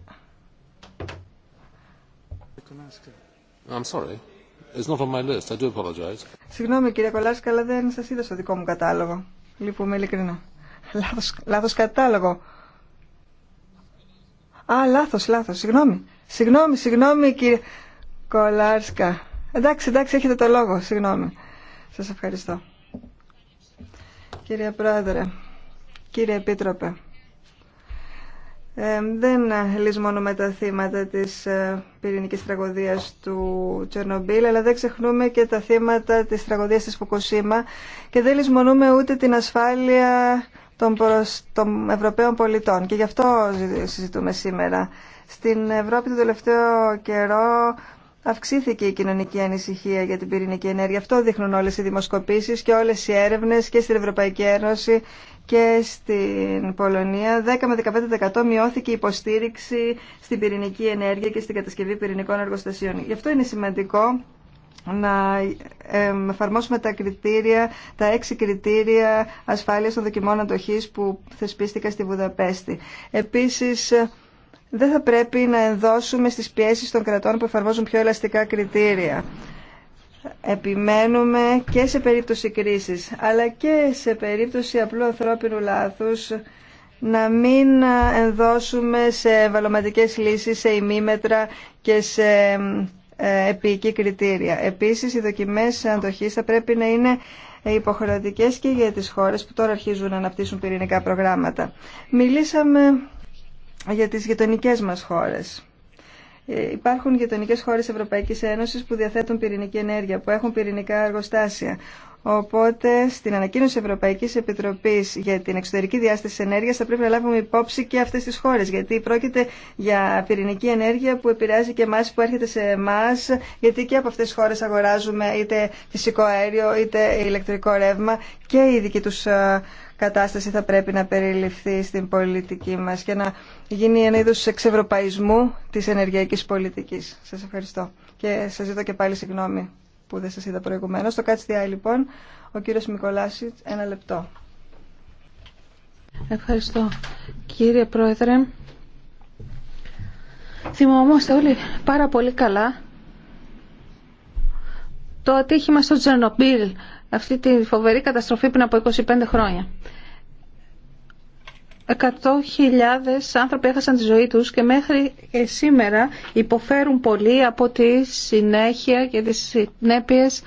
Speaker 3: I'm sorry. It's not on my list. I do
Speaker 2: Συγγνώμη κύριε Κολάσκα, αλλά δεν σας είδα στο δικό μου κατάλογο. Λυπούμε ειλικρινά. Λάθος, λάθος κατάλογο. Α, λάθος, λάθος. Συγγνώμη. Συγγνώμη, συγγνώμη κύριε Κολάρσκα. Εντάξει, εντάξει, έχετε το λόγο. Συγγνώμη. Σας ευχαριστώ. Κύριε Πρόεδρε, κύριε Επίτροπε, ε, δεν λησμονούμε τα θύματα της ε, πυρηνικής τραγωδίας του Τσερνομπίλ, αλλά δεν ξεχνούμε και τα θύματα της τραγωδίας της Φουκουσίμα και δεν λησμονούμε ούτε την ασφάλεια των, προς, των Ευρωπαίων πολιτών. Και γι' αυτό συζητούμε σήμερα. Στην Ευρώπη το τελευταίο καιρό αυξήθηκε η κοινωνική ανησυχία για την πυρηνική ενέργεια. Αυτό δείχνουν όλες οι δημοσκοπήσεις και όλες οι έρευνες και στην Ευρωπαϊκή Ένωση και στην Πολωνία 10 με 15% μειώθηκε η υποστήριξη στην πυρηνική ενέργεια και στην κατασκευή πυρηνικών εργοστασίων. Γι' αυτό είναι σημαντικό να εφαρμόσουμε τα κριτήρια, τα έξι κριτήρια ασφάλειας των δοκιμών αντοχής που θεσπίστηκα στη Βουδαπέστη. Επίσης, δεν θα πρέπει να ενδώσουμε στις πιέσεις των κρατών που εφαρμόζουν πιο ελαστικά κριτήρια. Επιμένουμε και σε περίπτωση κρίσης, αλλά και σε περίπτωση απλού ανθρώπινου λάθους, να μην ενδώσουμε σε βαλωματικές λύσεις, σε ημίμετρα και σε ε, επίκη κριτήρια. Επίσης, οι δοκιμές αντοχής θα πρέπει να είναι υποχρεωτικές και για τις χώρες που τώρα αρχίζουν να αναπτύσσουν πυρηνικά προγράμματα. Μιλήσαμε για τις γειτονικέ μας χώρες. Ε, υπάρχουν γειτονικέ χώρες Ευρωπαϊκής Ένωσης που διαθέτουν πυρηνική ενέργεια, που έχουν πυρηνικά εργοστάσια. Οπότε στην ανακοίνωση Ευρωπαϊκή Επιτροπή για την εξωτερική διάσταση ενέργεια θα πρέπει να λάβουμε υπόψη και αυτέ τι χώρε. γιατί πρόκειται για πυρηνική ενέργεια που επηρεάζει και εμά που έρχεται σε εμά, γιατί και από αυτέ τι χώρε αγοράζουμε είτε φυσικό αέριο είτε ηλεκτρικό ρεύμα και η δική του ε, κατάσταση θα πρέπει να περιληφθεί στην πολιτική μα και να γίνει ένα είδο εξευρωπαϊσμού τη ενεργειακή πολιτική. Σα ευχαριστώ και σα ζητώ και πάλι συγγνώμη που δεν σας είδα προηγουμένως. Στο ΚΑΤΣΤΙΑΙ λοιπόν, ο κύριος Μικολάσιτς, ένα λεπτό.
Speaker 3: Ευχαριστώ. Κύριε Πρόεδρε, θυμόμαστε όλοι πάρα πολύ καλά το ατύχημα στο Τζερνομπίλ, αυτή τη φοβερή καταστροφή πριν από 25 χρόνια. 100.000 άνθρωποι έχασαν τη ζωή τους και μέχρι ε, σήμερα υποφέρουν πολύ από τη συνέχεια και τις συνέπειες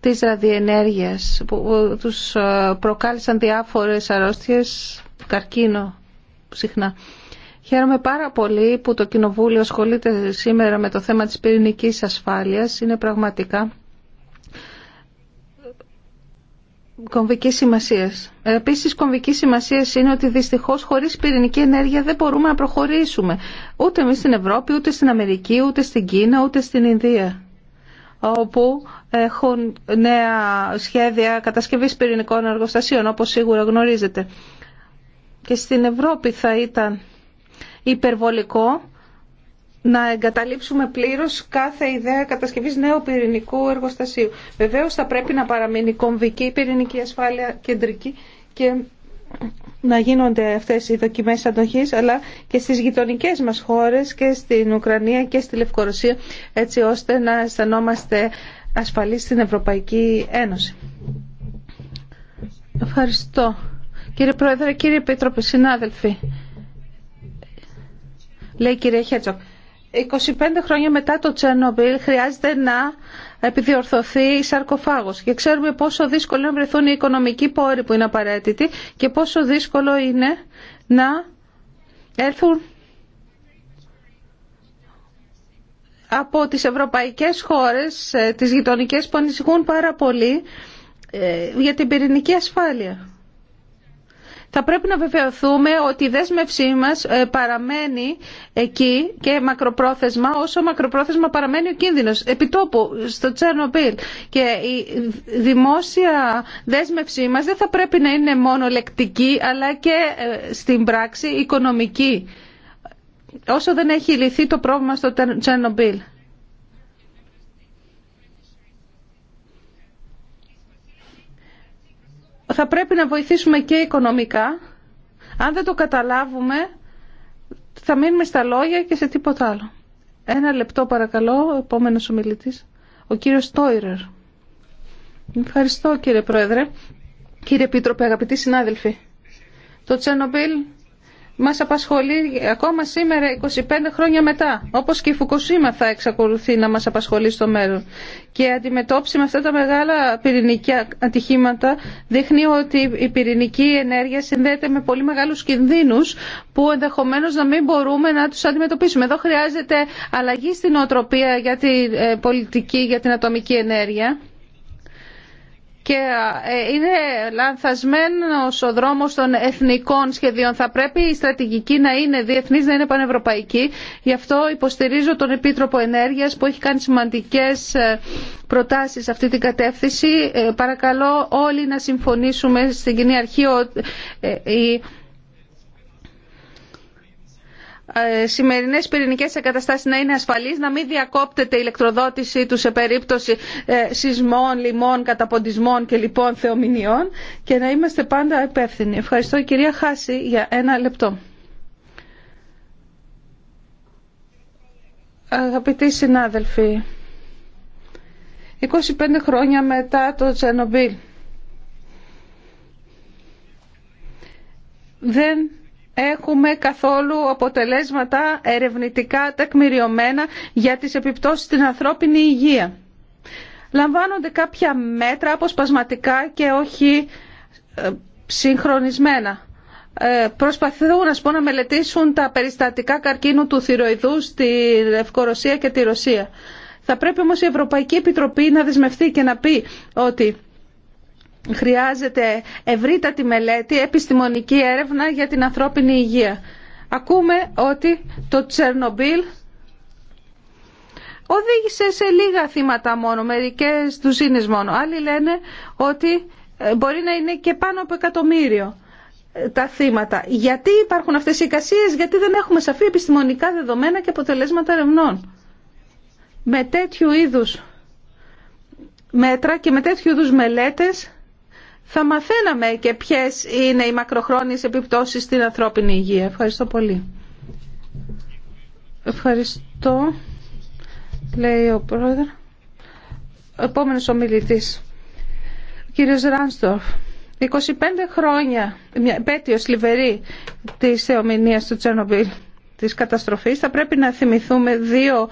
Speaker 3: της ραδιενέργειας που τους ε, προκάλεσαν διάφορες αρρώστιες καρκίνο συχνά. Χαίρομαι πάρα πολύ που το Κοινοβούλιο ασχολείται σήμερα με το θέμα της πυρηνικής ασφάλειας. Είναι πραγματικά κομβική σημασία. Επίση, κομβική σημασία είναι ότι δυστυχώ χωρί πυρηνική ενέργεια δεν μπορούμε να προχωρήσουμε. Ούτε εμεί στην Ευρώπη, ούτε στην Αμερική, ούτε στην Κίνα, ούτε στην Ινδία. Όπου έχουν νέα σχέδια κατασκευή πυρηνικών εργοστασίων, όπω σίγουρα γνωρίζετε. Και στην Ευρώπη θα ήταν υπερβολικό να εγκαταλείψουμε πλήρω κάθε ιδέα κατασκευής νέου πυρηνικού εργοστασίου. Βεβαίω θα πρέπει να παραμείνει κομβική η πυρηνική ασφάλεια κεντρική και να γίνονται αυτές οι δοκιμές αντοχής αλλά και στις γειτονικές μας χώρες και στην Ουκρανία και στη Λευκορωσία έτσι ώστε να αισθανόμαστε ασφαλείς στην Ευρωπαϊκή Ένωση. Ευχαριστώ. Κύριε Πρόεδρε, κύριε Επίτροπε, συνάδελφοι. Λέει η Χέτσοκ 25 χρόνια μετά το Τσέρνομπιλ χρειάζεται να επιδιορθωθεί η σαρκοφάγος και ξέρουμε πόσο δύσκολο είναι να βρεθούν οι οικονομικοί πόροι που είναι απαραίτητοι και πόσο δύσκολο είναι να έρθουν από τις ευρωπαϊκές χώρες, ε, τις γειτονικές που ανησυχούν πάρα πολύ ε, για την πυρηνική ασφάλεια θα πρέπει να βεβαιωθούμε ότι η δέσμευσή μας ε, παραμένει εκεί και μακροπρόθεσμα όσο μακροπρόθεσμα παραμένει ο κίνδυνος επιτόπου στο Τσέρνομπιλ και η δημόσια δέσμευσή μας δεν θα πρέπει να είναι μόνο λεκτική αλλά και ε, στην πράξη οικονομική όσο δεν έχει λυθεί το πρόβλημα στο Τσέρνομπιλ. θα πρέπει να βοηθήσουμε και οικονομικά. Αν δεν το καταλάβουμε, θα μείνουμε στα λόγια και σε τίποτα άλλο. Ένα λεπτό παρακαλώ, ο επόμενος ομιλητής, ο κύριος Τόιρερ. Ευχαριστώ κύριε Πρόεδρε. Κύριε Επίτροπε, αγαπητοί συνάδελφοι. Το Τσένομπιλ μας απασχολεί ακόμα σήμερα 25 χρόνια μετά. Όπως και η Φουκοσίμα θα εξακολουθεί να μας απασχολεί στο μέλλον. Και η αντιμετώπιση με αυτά τα μεγάλα πυρηνικά ατυχήματα δείχνει ότι η πυρηνική ενέργεια συνδέεται με πολύ μεγάλους κινδύνους που ενδεχομένως να μην μπορούμε να τους αντιμετωπίσουμε. Εδώ χρειάζεται αλλαγή στην οτροπία για την ε, πολιτική, για την ατομική ενέργεια και ε, είναι λανθασμένος ο δρόμος των εθνικών σχεδίων. Θα πρέπει η στρατηγική να είναι διεθνής, να είναι πανευρωπαϊκή. Γι' αυτό υποστηρίζω τον Επίτροπο Ενέργειας που έχει κάνει σημαντικές ε, προτάσεις σε αυτή την κατεύθυνση. Ε, παρακαλώ όλοι να συμφωνήσουμε στην κοινή αρχή ότι ε, Σημερινέ πυρηνικέ εγκαταστάσεις να είναι ασφαλείς, να μην διακόπτεται η ηλεκτροδότησή του σε περίπτωση ε, σεισμών, λοιμών, καταποντισμών και λοιπόν θεομηνιών και να είμαστε πάντα υπεύθυνοι. Ευχαριστώ κυρία Χάση για ένα λεπτό. Αγαπητοί συνάδελφοι, 25 χρόνια μετά το Τσενομπίλ δεν έχουμε καθόλου αποτελέσματα ερευνητικά τεκμηριωμένα για τις επιπτώσεις στην ανθρώπινη υγεία. Λαμβάνονται κάποια μέτρα αποσπασματικά και όχι ε, συγχρονισμένα. Ε, προσπαθούν να να μελετήσουν τα περιστατικά καρκίνου του θηροειδού στη Λευκορωσία και τη Ρωσία. Θα πρέπει όμως η Ευρωπαϊκή Επιτροπή να δεσμευτεί και να πει ότι Χρειάζεται ευρύτατη μελέτη, επιστημονική έρευνα για την ανθρώπινη υγεία. Ακούμε ότι το Τσερνομπίλ οδήγησε σε λίγα θύματα μόνο, μερικές δουζίνες μόνο. Άλλοι λένε ότι ε, μπορεί να είναι και πάνω από εκατομμύριο ε, τα θύματα. Γιατί υπάρχουν αυτές οι εικασίες, γιατί δεν έχουμε σαφή επιστημονικά δεδομένα και αποτελέσματα ερευνών. Με τέτοιου είδους μέτρα και με τέτοιου είδους μελέτες θα μαθαίναμε και ποιες είναι οι μακροχρόνιες επιπτώσεις στην ανθρώπινη υγεία. Ευχαριστώ πολύ. Ευχαριστώ, λέει ο πρόεδρο. ομιλητής, κύριος Ράνστορφ. 25 χρόνια, μια επέτειο σλιβερή της θεομηνίας του Τσέρνομπιλ, της καταστροφής, θα πρέπει να θυμηθούμε δύο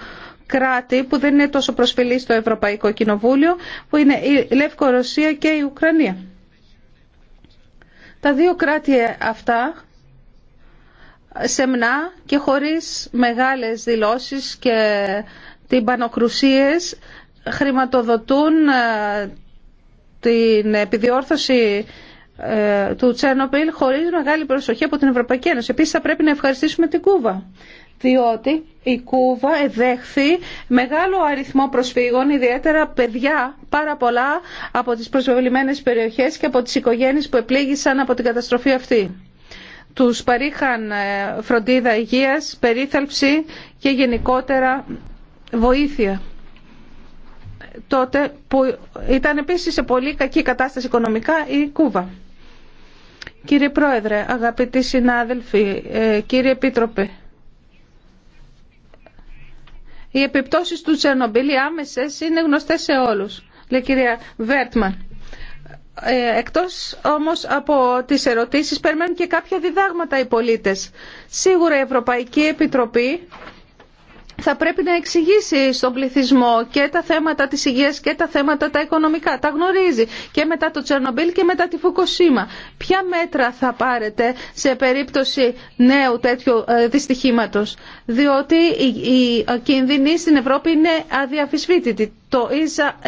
Speaker 3: κράτη που δεν είναι τόσο προσφυλή στο Ευρωπαϊκό Κοινοβούλιο, που είναι η Λευκορωσία και η Ουκρανία. Τα δύο κράτη αυτά σεμνά και χωρίς μεγάλες δηλώσεις και τυμπανοκρουσίες χρηματοδοτούν ε, την επιδιόρθωση ε, του Τσέρνοπιλ χωρίς μεγάλη προσοχή από την Ευρωπαϊκή Ένωση. Επίσης θα πρέπει να ευχαριστήσουμε την Κούβα διότι η Κούβα εδέχθη μεγάλο αριθμό προσφύγων, ιδιαίτερα παιδιά, πάρα πολλά από τις προσβεβλημένες περιοχές και από τις οικογένειες που επλήγησαν από την καταστροφή αυτή. Τους παρήχαν ε, φροντίδα υγείας, περίθαλψη και γενικότερα βοήθεια τότε που ήταν επίσης σε πολύ κακή κατάσταση οικονομικά η Κούβα. Κύριε Πρόεδρε, αγαπητοί συνάδελφοι, ε, κύριε Επίτροπε, οι επιπτώσεις του Τσερνομπίλ, οι είναι γνωστές σε όλους. Λέει κυρία Βέρτμαν. Ε, εκτός όμως από τις ερωτήσεις, περιμένουν και κάποια διδάγματα οι πολίτες. Σίγουρα η Ευρωπαϊκή Επιτροπή θα πρέπει να εξηγήσει στον πληθυσμό και τα θέματα της υγείας και τα θέματα τα οικονομικά. Τα γνωρίζει και μετά το Τσερνομπίλ και μετά τη Φουκοσίμα. Ποια μέτρα θα πάρετε σε περίπτωση νέου τέτοιου ε, δυστυχήματος. Διότι οι κινδυνοί στην Ευρώπη είναι αδιαφυσβήτητοι. Το ΙΖΑ 1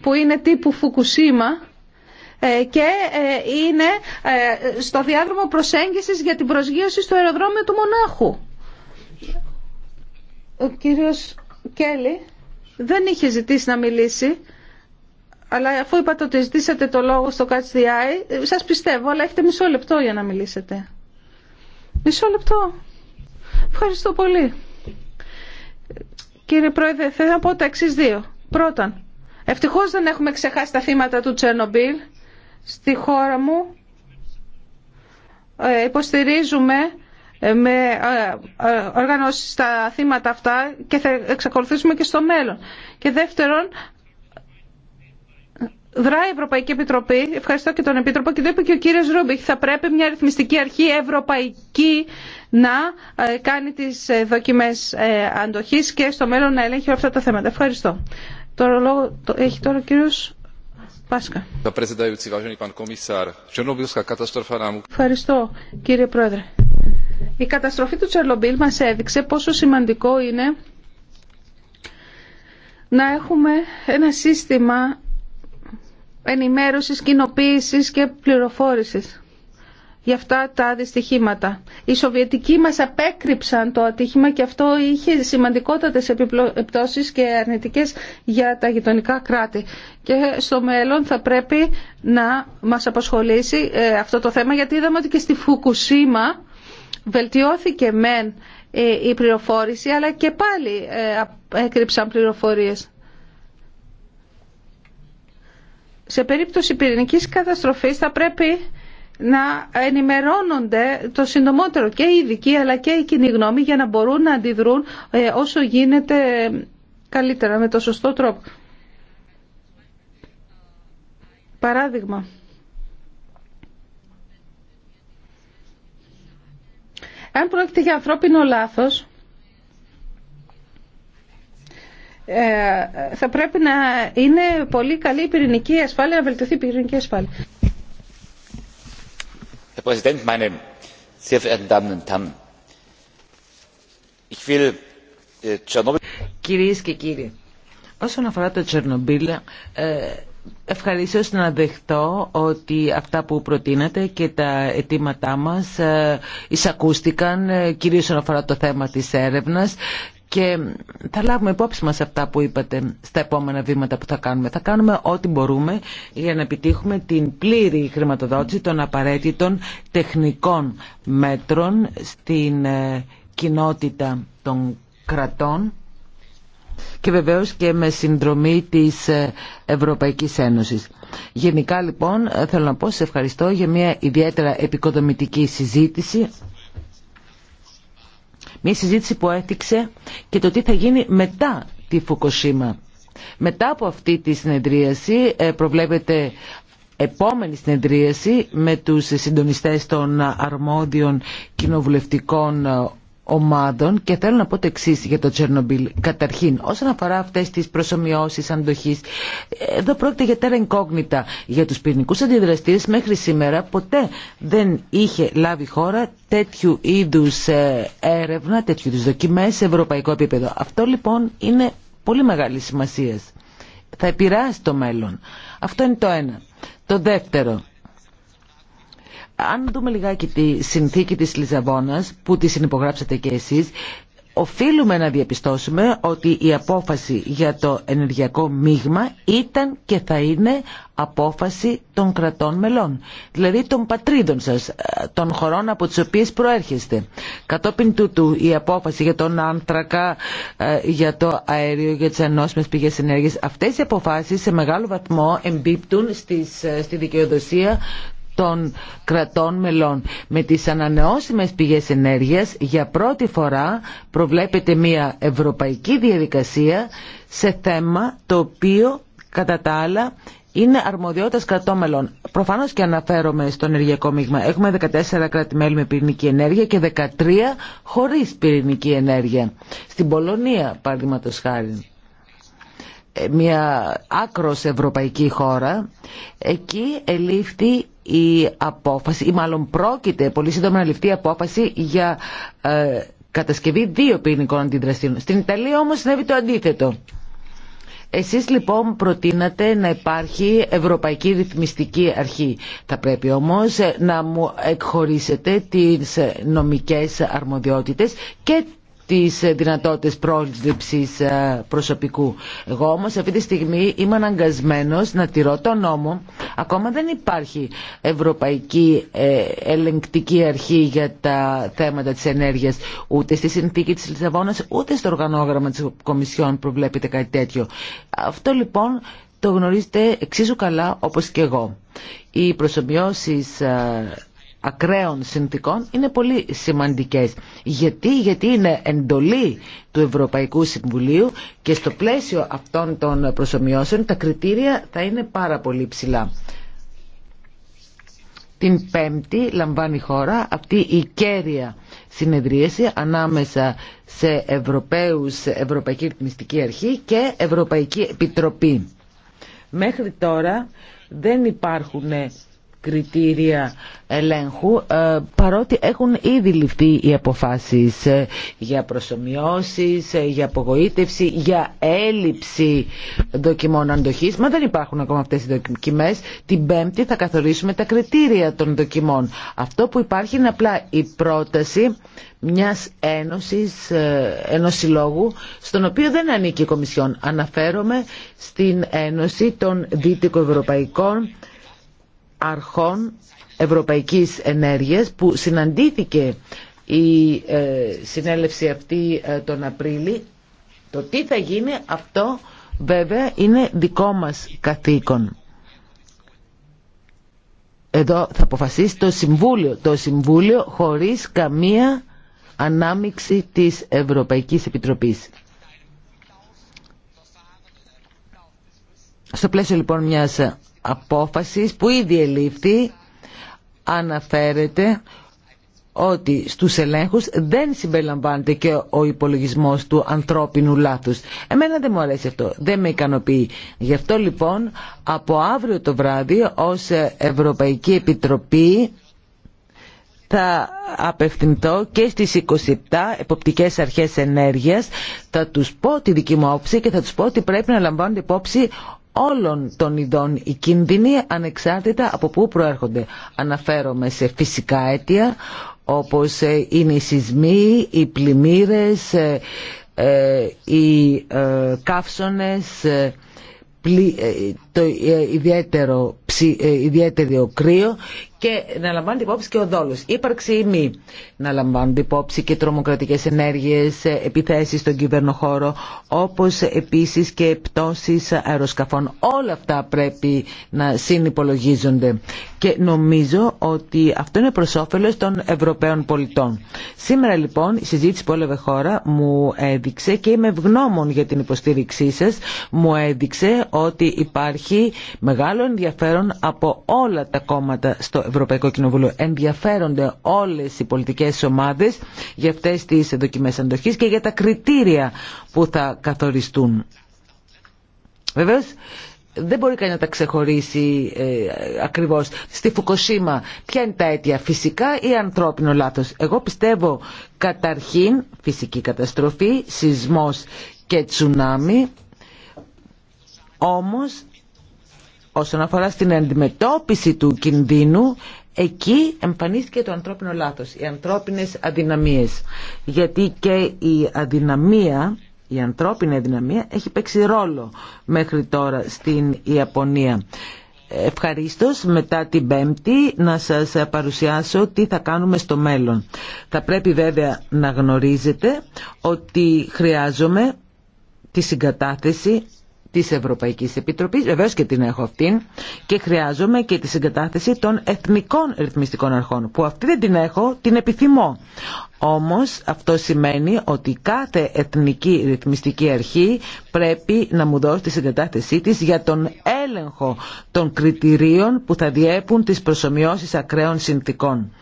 Speaker 3: που είναι τύπου Φουκουσίμα ε, και ε, είναι στο διάδρομο προσέγγισης για την προσγείωση στο αεροδρόμιο του Μονάχου. Ο κύριος Κέλλη δεν είχε ζητήσει να μιλήσει, αλλά αφού είπατε ότι ζητήσατε το λόγο στο Catch the σας πιστεύω, αλλά έχετε μισό λεπτό για να μιλήσετε. Μισό λεπτό. Ευχαριστώ πολύ. Κύριε Πρόεδρε, θέλω να πω τα εξή δύο. Πρώτον, ευτυχώς δεν έχουμε ξεχάσει τα θύματα του Τσέρνομπιλ στη χώρα μου. Ε, υποστηρίζουμε με ε, ε, οργανώσει στα θύματα αυτά και θα εξακολουθήσουμε και στο μέλλον. Και δεύτερον, δράει η Ευρωπαϊκή Επιτροπή, ευχαριστώ και τον Επίτροπο και το είπε και ο κύριος Ρούμπιχ, θα πρέπει μια ρυθμιστική αρχή ευρωπαϊκή να ε, κάνει τις δοκιμές αντοχής και στο μέλλον να ελέγχει όλα αυτά τα θέματα. Ευχαριστώ. Το λόγο έχει τώρα ο κύριος Πάσκα. Ευχαριστώ κύριε Πρόεδρε. Η καταστροφή του Τσερλομπίλ μας έδειξε πόσο σημαντικό είναι να έχουμε ένα σύστημα ενημέρωσης, κοινοποίηση και πληροφόρησης για αυτά τα δυστυχήματα. Οι Σοβιετικοί μας απέκρυψαν το ατύχημα και αυτό είχε σημαντικότατες επιπτώσεις και αρνητικές για τα γειτονικά κράτη. Και στο μέλλον θα πρέπει να μας απασχολήσει ε, αυτό το θέμα γιατί είδαμε ότι και στη Φουκουσίμα Βελτιώθηκε μεν ε, η πληροφόρηση, αλλά και πάλι ε, έκρυψαν πληροφορίες. Σε περίπτωση πυρηνικής καταστροφής θα πρέπει να ενημερώνονται το συντομότερο και οι ειδικοί αλλά και οι κοινοί γνώμοι για να μπορούν να αντιδρούν ε, όσο γίνεται καλύτερα με το σωστό τρόπο. Παράδειγμα. Αν πρόκειται για ανθρώπινο λάθος, ε, θα πρέπει να είναι πολύ καλή η πυρηνική ασφάλεια, να βελτιωθεί η πυρηνική ασφάλεια.
Speaker 1: Herr Κυρίες και κύριοι, όσον αφορά το Τσερνομπίλ, ε, Ευχαριστώ να δεχτώ ότι αυτά που προτείνατε και τα αιτήματά μας ε, εισακούστηκαν ε, κυρίως όσον αφορά το θέμα της έρευνας και θα λάβουμε υπόψη μας αυτά που είπατε στα επόμενα βήματα που θα κάνουμε. Θα κάνουμε ό,τι μπορούμε για να επιτύχουμε την πλήρη χρηματοδότηση των απαραίτητων τεχνικών μέτρων στην ε, κοινότητα των κρατών και βεβαίως και με συνδρομή της ε, Ευρωπαϊκής Ένωσης. Γενικά λοιπόν ε, θέλω να πω σε ευχαριστώ για μια ιδιαίτερα επικοδομητική συζήτηση μια συζήτηση που έθιξε και το τι θα γίνει μετά τη Φουκοσίμα. Μετά από αυτή τη συνεδρίαση ε, προβλέπεται επόμενη συνεδρίαση με τους συντονιστές των αρμόδιων κοινοβουλευτικών ομάδων και θέλω να πω το εξή για το Τσέρνομπιλ. Καταρχήν, όσον αφορά αυτέ τι προσωμιώσει αντοχή, εδώ πρόκειται για τέρα εγκόγνητα. Για του πυρηνικού αντιδραστήρε μέχρι σήμερα ποτέ δεν είχε λάβει χώρα τέτοιου είδου ε, έρευνα, τέτοιου είδου δοκιμέ σε ευρωπαϊκό επίπεδο. Αυτό λοιπόν είναι πολύ μεγάλη σημασία. Θα επηρεάσει το μέλλον. Αυτό είναι το ένα. Το δεύτερο, αν δούμε λιγάκι τη συνθήκη της Λιζαβόνας που τη συνυπογράψατε και εσείς οφείλουμε να διαπιστώσουμε ότι η απόφαση για το ενεργειακό μείγμα ήταν και θα είναι απόφαση των κρατών μελών, δηλαδή των πατρίδων σας, ε, των χωρών από τις οποίες προέρχεστε. Κατόπιν τούτου η απόφαση για τον άνθρακα, ε, για το αέριο, για τις ανώσιμες πηγές ενέργειας, αυτές οι αποφάσεις σε μεγάλο βαθμό εμπίπτουν ε, στη δικαιοδοσία των κρατών μελών. Με τις ανανεώσιμες πηγές ενέργειας για πρώτη φορά προβλέπεται μια ευρωπαϊκή διαδικασία σε θέμα το οποίο κατά τα άλλα είναι αρμοδιότητα κρατών μελών. Προφανώ και αναφέρομαι στο ενεργειακό μείγμα. Έχουμε 14 κράτη-μέλη με πυρηνική ενέργεια και 13 χωρί πυρηνική ενέργεια. Στην Πολωνία, παραδείγματο χάρη μια άκρος ευρωπαϊκή χώρα εκεί ελήφθη η απόφαση ή μάλλον πρόκειται πολύ σύντομα να ληφθεί η μαλλον προκειται πολυ συντομα να η αποφαση για ε, κατασκευή δύο ποινικών αντιδραστήρων. Στην Ιταλία όμως συνέβη το αντίθετο. Εσείς λοιπόν προτείνατε να υπάρχει Ευρωπαϊκή Ρυθμιστική Αρχή. Θα πρέπει όμως να μου εκχωρήσετε τις νομικές αρμοδιότητες και τις ε, δυνατότητες πρόσληψης ε, προσωπικού. Εγώ όμως αυτή τη στιγμή είμαι αναγκασμένος να τηρώ τον νόμο. Ακόμα δεν υπάρχει Ευρωπαϊκή ε, Ελεγκτική Αρχή για τα θέματα της ενέργειας ούτε στη συνθήκη της Λισαβόνας ούτε στο οργανόγραμμα της Κομισιόν προβλέπεται κάτι τέτοιο. Αυτό λοιπόν το γνωρίζετε εξίσου καλά όπως και εγώ. Οι προσωμιώσεις ακραίων συνθήκων είναι πολύ σημαντικές. Γιατί, γιατί είναι εντολή του Ευρωπαϊκού Συμβουλίου και στο πλαίσιο αυτών των προσωμιώσεων τα κριτήρια θα είναι πάρα πολύ ψηλά. Την Πέμπτη λαμβάνει η χώρα αυτή η κέρια συνεδρίαση ανάμεσα σε Ευρωπαίους, Ευρωπαϊκή Ρυθμιστική Αρχή και Ευρωπαϊκή Επιτροπή. Μέχρι τώρα δεν υπάρχουν κριτήρια ελέγχου ε, παρότι έχουν ήδη ληφθεί οι αποφάσεις ε, για προσωμιώσεις, ε, για απογοήτευση, για έλλειψη δοκιμών αντοχής. Μα δεν υπάρχουν ακόμα αυτές οι δοκιμές. Την Πέμπτη θα καθορίσουμε τα κριτήρια των δοκιμών. Αυτό που υπάρχει είναι απλά η πρόταση μιας ένωσης, ενός συλλόγου, στον οποίο δεν ανήκει η Κομισιόν. Αναφέρομαι στην Ένωση των Δυτικοευρωπαϊκών αρχών ευρωπαϊκής ενέργειας που συναντήθηκε η ε, συνέλευση αυτή ε, τον Απρίλη. Το τι θα γίνει αυτό βέβαια είναι δικό μας καθήκον. Εδώ θα αποφασίσει το Συμβούλιο. Το Συμβούλιο χωρίς καμία ανάμιξη της Ευρωπαϊκής Επιτροπής. Στο πλαίσιο λοιπόν μιας απόφασης που ήδη ελήφθη αναφέρεται ότι στους ελέγχους δεν συμπεριλαμβάνεται και ο υπολογισμός του ανθρώπινου λάθους. Εμένα δεν μου αρέσει αυτό, δεν με ικανοποιεί. Γι' αυτό λοιπόν από αύριο το βράδυ ως Ευρωπαϊκή Επιτροπή θα απευθυνθώ και στις 27 εποπτικές αρχές ενέργειας, θα τους πω τη δική μου όψη και θα τους πω ότι πρέπει να λαμβάνονται υπόψη όλων των ειδών οι κίνδυνοι ανεξάρτητα από πού προέρχονται. Αναφέρομαι σε φυσικά αίτια όπως ε, είναι οι σεισμοί, οι πλημμύρες, ε, ε, οι καύσονες, το ε, ιδιαίτερο, ε, ιδιαίτερο κρύο και να λαμβάνεται υπόψη και ο δόλος. Ύπαρξη ή μη. Να λαμβάνονται υπόψη και τρομοκρατικές ενέργειες, ε, επιθέσεις στον κυβερνοχώρο, όπως επίσης και πτώσεις αεροσκαφών. Όλα αυτά πρέπει να συνυπολογίζονται. Και νομίζω ότι αυτό είναι προς όφελος των Ευρωπαίων πολιτών. Σήμερα λοιπόν η συζήτηση που έλαβε χώρα μου έδειξε και είμαι ευγνώμων για την υποστήριξή σα. Μου έδειξε ότι υπάρχει αρχή μεγάλο ενδιαφέρον από όλα τα κόμματα στο Ευρωπαϊκό Κοινοβούλιο. Ενδιαφέρονται όλες οι πολιτικές ομάδες για αυτέ τι δοκιμέ αντοχής και για τα κριτήρια που θα καθοριστούν. Βεβαίως, δεν μπορεί κανεί να τα ξεχωρίσει ε, ακριβώς. Στη Φουκοσίμα ποια είναι τα αίτια, φυσικά ή ανθρώπινο λάθος. Εγώ πιστεύω καταρχήν φυσική καταστροφή, σεισμός και τσουνάμι, όμως όσον αφορά στην αντιμετώπιση του κινδύνου, εκεί εμφανίστηκε το ανθρώπινο λάθος, οι ανθρώπινες αδυναμίες. Γιατί και η αδυναμία, η ανθρώπινη αδυναμία έχει παίξει ρόλο μέχρι τώρα στην Ιαπωνία. Ευχαριστώ μετά την Πέμπτη να σας παρουσιάσω τι θα κάνουμε στο μέλλον. Θα πρέπει βέβαια να γνωρίζετε ότι χρειάζομαι τη συγκατάθεση της Ευρωπαϊκής Επιτροπής, βεβαίως και την έχω αυτήν, και χρειάζομαι και τη συγκατάθεση των εθνικών ρυθμιστικών αρχών, που αυτή δεν την έχω, την επιθυμώ. Όμως αυτό σημαίνει ότι κάθε εθνική ρυθμιστική αρχή πρέπει να μου δώσει τη συγκατάθεσή της για τον έλεγχο των κριτηρίων που θα διέπουν τις προσωμιώσεις ακραίων συνθήκων.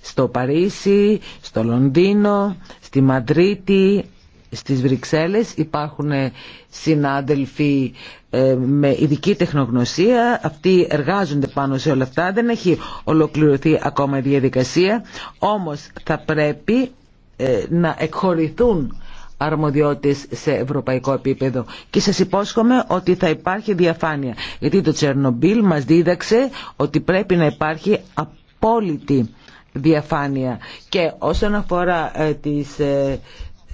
Speaker 1: Στο Παρίσι, στο Λονδίνο, στη Μαδρίτη, στις Βρυξέλλες υπάρχουν ε, συνάδελφοι ε, με ειδική τεχνογνωσία αυτοί εργάζονται πάνω σε όλα αυτά δεν έχει ολοκληρωθεί ακόμα η διαδικασία όμως θα πρέπει ε, να εκχωρηθούν αρμοδιότητες σε ευρωπαϊκό επίπεδο. Και σας υπόσχομαι ότι θα υπάρχει διαφάνεια. Γιατί το Τσερνομπίλ μας δίδαξε ότι πρέπει να υπάρχει απόλυτη διαφάνεια. Και όσον αφορά τις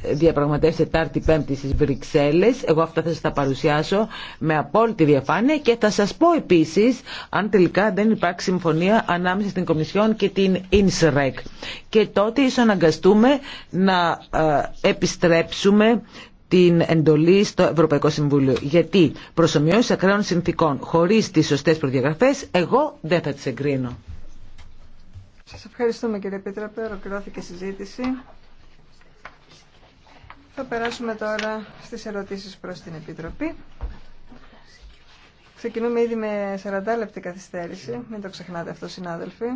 Speaker 1: διαπραγματεύσει Τάρτη Πέμπτη στις Βρυξέλλες. Εγώ αυτά θα σας τα παρουσιάσω με απόλυτη διαφάνεια και θα σας πω επίσης αν τελικά δεν υπάρχει συμφωνία ανάμεσα στην Κομισιόν και την Ινσρεκ. Και τότε ίσως αναγκαστούμε να ε, επιστρέψουμε την εντολή στο Ευρωπαϊκό Συμβούλιο. Γιατί προσωμιώσεις ακραίων συνθήκων χωρίς τις σωστές προδιαγραφές εγώ δεν θα τις εγκρίνω.
Speaker 2: Σας ευχαριστούμε κύριε Πίτραπε. Ολοκληρώθηκε η συζήτηση. Θα περάσουμε τώρα στις ερωτήσεις προς την Επιτροπή. Ξεκινούμε ήδη με 40 λεπτή καθυστέρηση. Μην το ξεχνάτε αυτό, συνάδελφοι.